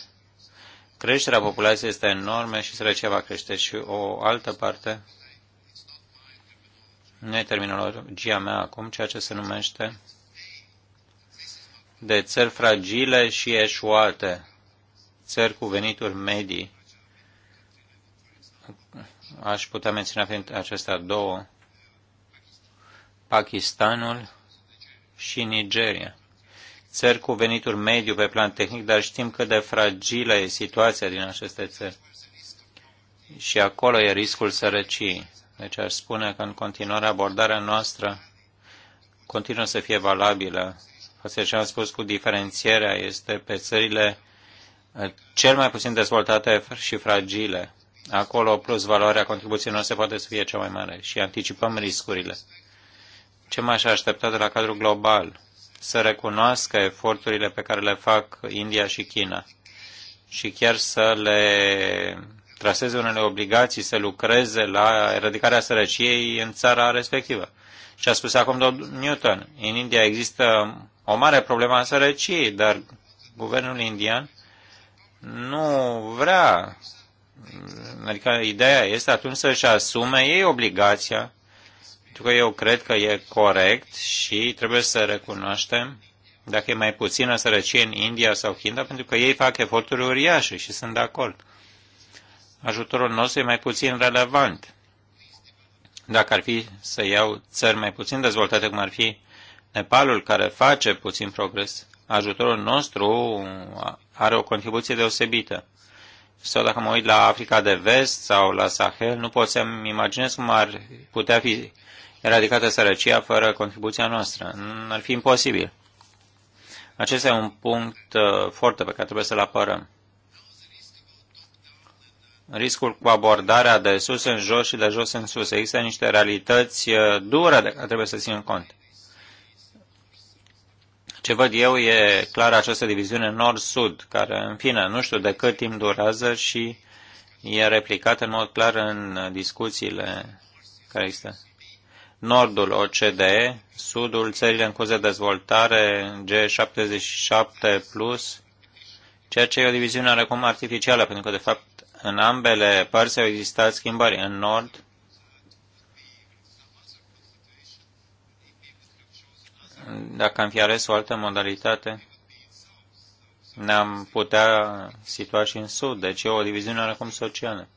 creșterea populației este enormă și sărăcia va crește. Și o altă parte, nu e terminologia mea acum, ceea ce se numește de țări fragile și eșuate, țări cu venituri medii aș putea menționa fiind acestea două, Pakistanul și Nigeria. Țări cu venituri mediu pe plan tehnic, dar știm cât de fragilă e situația din aceste țări. Și acolo e riscul sărăciei. Deci aș spune că în continuare abordarea noastră continuă să fie valabilă. Față ce am spus cu diferențierea este pe țările eh, cel mai puțin dezvoltate și fragile Acolo plus valoarea contribuției noastre poate să fie cea mai mare și anticipăm riscurile. Ce m-aș aștepta de la cadrul global? Să recunoască eforturile pe care le fac India și China și chiar să le traseze unele obligații, să lucreze la eradicarea sărăciei în țara respectivă. Și a spus acum domnul Newton, în India există o mare problemă a sărăciei, dar guvernul indian nu vrea Adică ideea este atunci să-și asume ei obligația, pentru că eu cred că e corect și trebuie să recunoaștem dacă e mai puțină sărăcie în India sau China, pentru că ei fac eforturi uriașe și sunt de acord. Ajutorul nostru e mai puțin relevant. Dacă ar fi să iau țări mai puțin dezvoltate, cum ar fi Nepalul, care face puțin progres, ajutorul nostru are o contribuție deosebită sau dacă mă uit la Africa de Vest sau la Sahel, nu pot să-mi imaginez cum ar putea fi eradicată sărăcia fără contribuția noastră. Ar fi imposibil. Acesta e un punct uh, foarte pe care trebuie să-l apărăm. Riscul cu abordarea de sus în jos și de jos în sus. Există niște realități uh, dure de care trebuie să ținem cont. Ce văd eu e clar această diviziune nord-sud, care, în fine, nu știu de cât timp durează și e replicată în mod clar în discuțiile care există. Nordul OCDE, sudul țările în curs de dezvoltare, G77+, plus, ceea ce e o diviziune oarecum artificială, pentru că, de fapt, în ambele părți au existat schimbări. În nord, Dacă am fi ales o altă modalitate, ne-am putea situa și în sud, deci e o diviziune oarecum socială.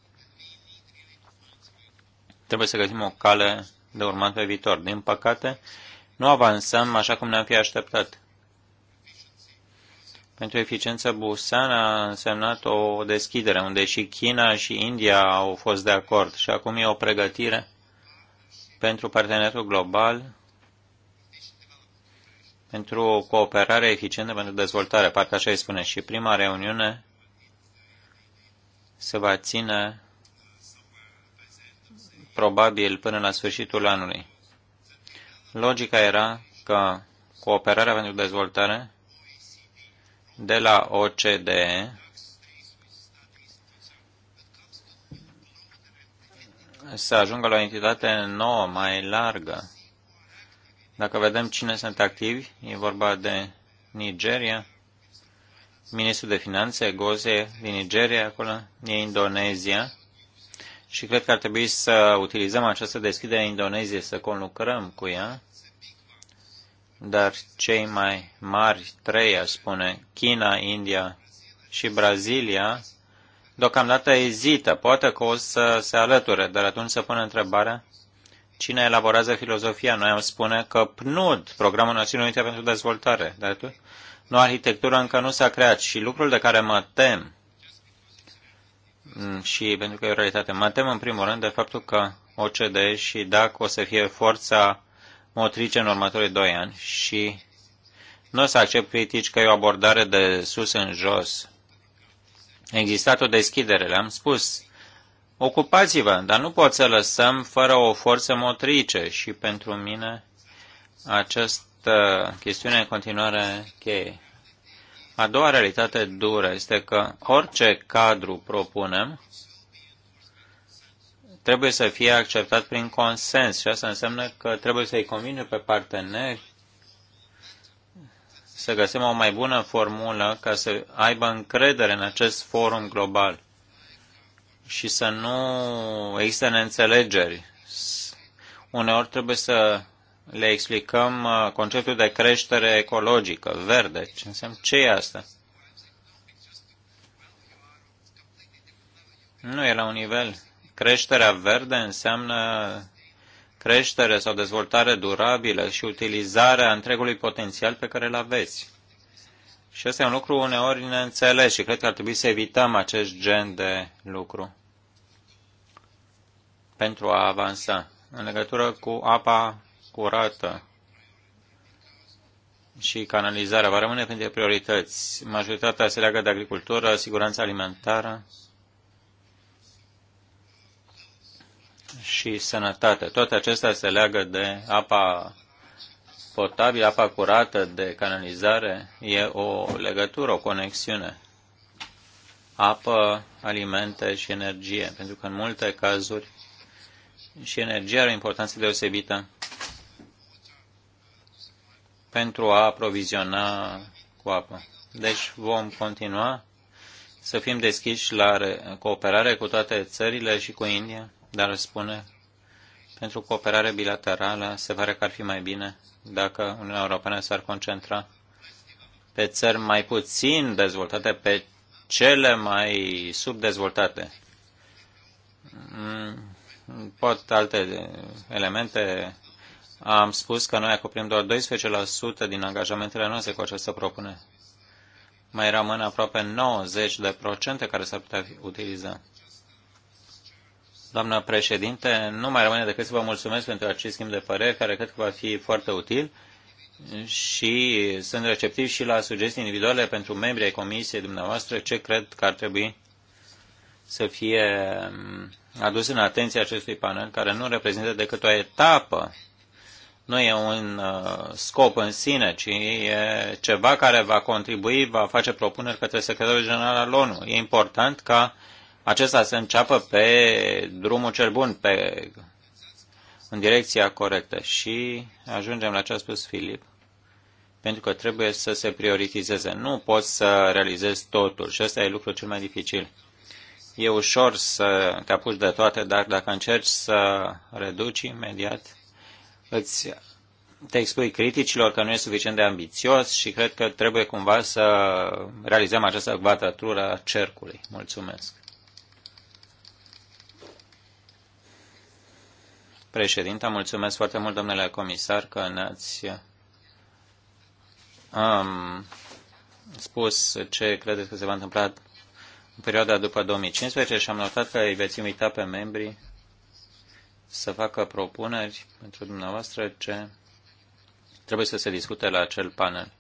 Trebuie să găsim o cale de urmat pe viitor. Din păcate, nu avansăm așa cum ne-am fi așteptat. Pentru eficiență Busan a însemnat o deschidere, unde și China și India au fost de acord și acum e o pregătire pentru parteneriatul global pentru o cooperare eficientă pentru dezvoltare. Parcă așa îi spune. Și prima reuniune se va ține probabil până la sfârșitul anului. Logica era că cooperarea pentru dezvoltare de la OCDE să ajungă la o entitate nouă, mai largă, dacă vedem cine sunt activi, e vorba de Nigeria, ministrul de finanțe, Goze, din Nigeria, acolo, e Indonezia. Și cred că ar trebui să utilizăm această deschidere în Indonezie, să conlucrăm cu ea. Dar cei mai mari trei, aș spune, China, India și Brazilia, deocamdată ezită. Poate că o să se alăture, dar atunci se pune întrebarea Cine elaborează filozofia? Noi am spune că PNUD, Programul Națiunii Unite pentru Dezvoltare, dar nu arhitectura încă nu s-a creat și lucrul de care mă tem mm, și pentru că e o realitate. Mă tem în primul rând de faptul că OCD și DAC o să fie forța motrice în următorii doi ani și nu o să accept critici că e o abordare de sus în jos. există existat o deschidere, le-am spus Ocupați-vă, dar nu pot să lăsăm fără o forță motrice și pentru mine această chestiune în continuare cheie. A doua realitate dură este că orice cadru propunem trebuie să fie acceptat prin consens și asta înseamnă că trebuie să-i convine pe parteneri să găsim o mai bună formulă ca să aibă încredere în acest forum global și să nu există neînțelegeri. Uneori trebuie să le explicăm uh, conceptul de creștere ecologică, verde. Ce înseamnă? Ce e asta? Nu e la un nivel. Creșterea verde înseamnă creștere sau dezvoltare durabilă și utilizarea întregului potențial pe care îl aveți. Și ăsta e un lucru uneori neînțeles și cred că ar trebui să evităm acest gen de lucru pentru a avansa. În legătură cu apa curată și canalizarea, va rămâne printre priorități. Majoritatea se leagă de agricultură, siguranța alimentară și sănătate. Toate acestea se leagă de apa potabil, apa curată de canalizare e o legătură, o conexiune. Apă, alimente și energie, pentru că în multe cazuri și energia are o importanță deosebită pentru a aproviziona cu apă. Deci vom continua să fim deschiși la cooperare cu toate țările și cu India, dar spune pentru cooperare bilaterală se pare că ar fi mai bine dacă Uniunea Europeană s-ar concentra pe țări mai puțin dezvoltate, pe cele mai subdezvoltate. Mm, pot alte elemente. Am spus că noi acoperim doar 12% din angajamentele noastre cu această propunere. Mai rămân aproape 90% care s-ar putea utiliza. Doamnă președinte, nu mai rămâne decât să vă mulțumesc pentru acest schimb de păreri, care cred că va fi foarte util și sunt receptiv și la sugestii individuale pentru membrii ai comisiei dumneavoastră ce cred că ar trebui să fie mm, adus în atenția acestui panel, care nu reprezintă decât o etapă, nu e un uh, scop în sine, ci e ceva care va contribui, va face propuneri către secretarul general al ONU. E important ca acesta să înceapă pe drumul cel bun, pe, în direcția corectă. Și ajungem la ce a spus Filip, pentru că trebuie să se prioritizeze. Nu poți să realizezi totul și ăsta e lucrul cel mai dificil. E ușor să te apuci de toate, dar dacă încerci să reduci imediat, îți te expui criticilor că nu e suficient de ambițios și cred că trebuie cumva să realizăm această quadratură a cercului. Mulțumesc. Președinte, mulțumesc foarte mult, domnule comisar, că ne-ați um, spus ce credeți că se va întâmpla în perioada după 2015 și am notat că îi veți invita pe membrii să facă propuneri pentru dumneavoastră ce trebuie să se discute la acel panel.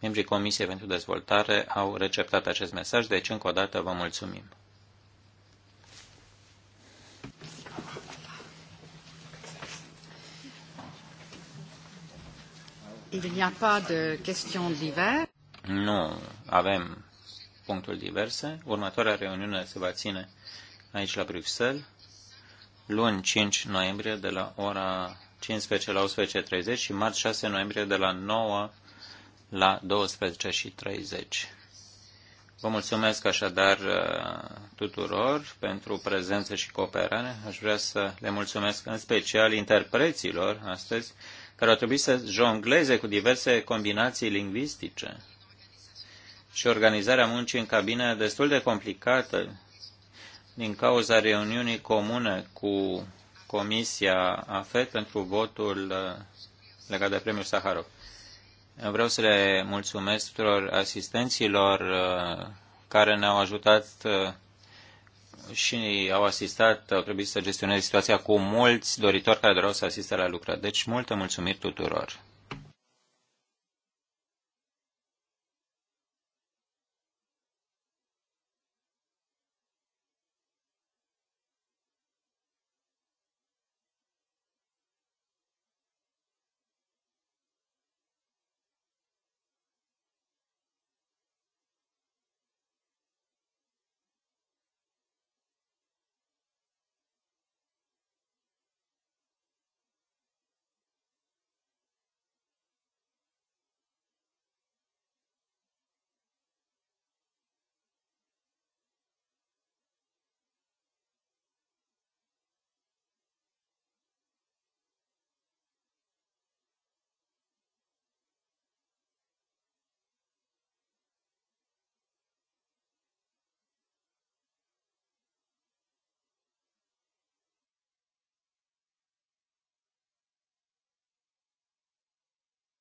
Membrii Comisiei pentru Dezvoltare au receptat acest mesaj, deci încă o dată vă mulțumim. Il n'y a pas de questions Nu avem punctul diverse. Următoarea reuniune se va ține aici la Bruxelles, luni 5 noiembrie de la ora 15 la 11.30 și marți 6 noiembrie de la 9 la 12.30. Vă mulțumesc așadar uh, tuturor pentru prezență și cooperare. Aș vrea să le mulțumesc în special interpreților astăzi care au trebuit să jongleze cu diverse combinații lingvistice și organizarea muncii în cabine destul de complicată din cauza reuniunii comune cu Comisia AFET pentru votul uh, legat de premiul Saharov. Vreau să le mulțumesc tuturor asistenților uh, care ne-au ajutat uh, și au asistat, au trebuit să gestioneze situația cu mulți doritori care doreau să asiste la lucrări. Deci, multă mulțumiri tuturor!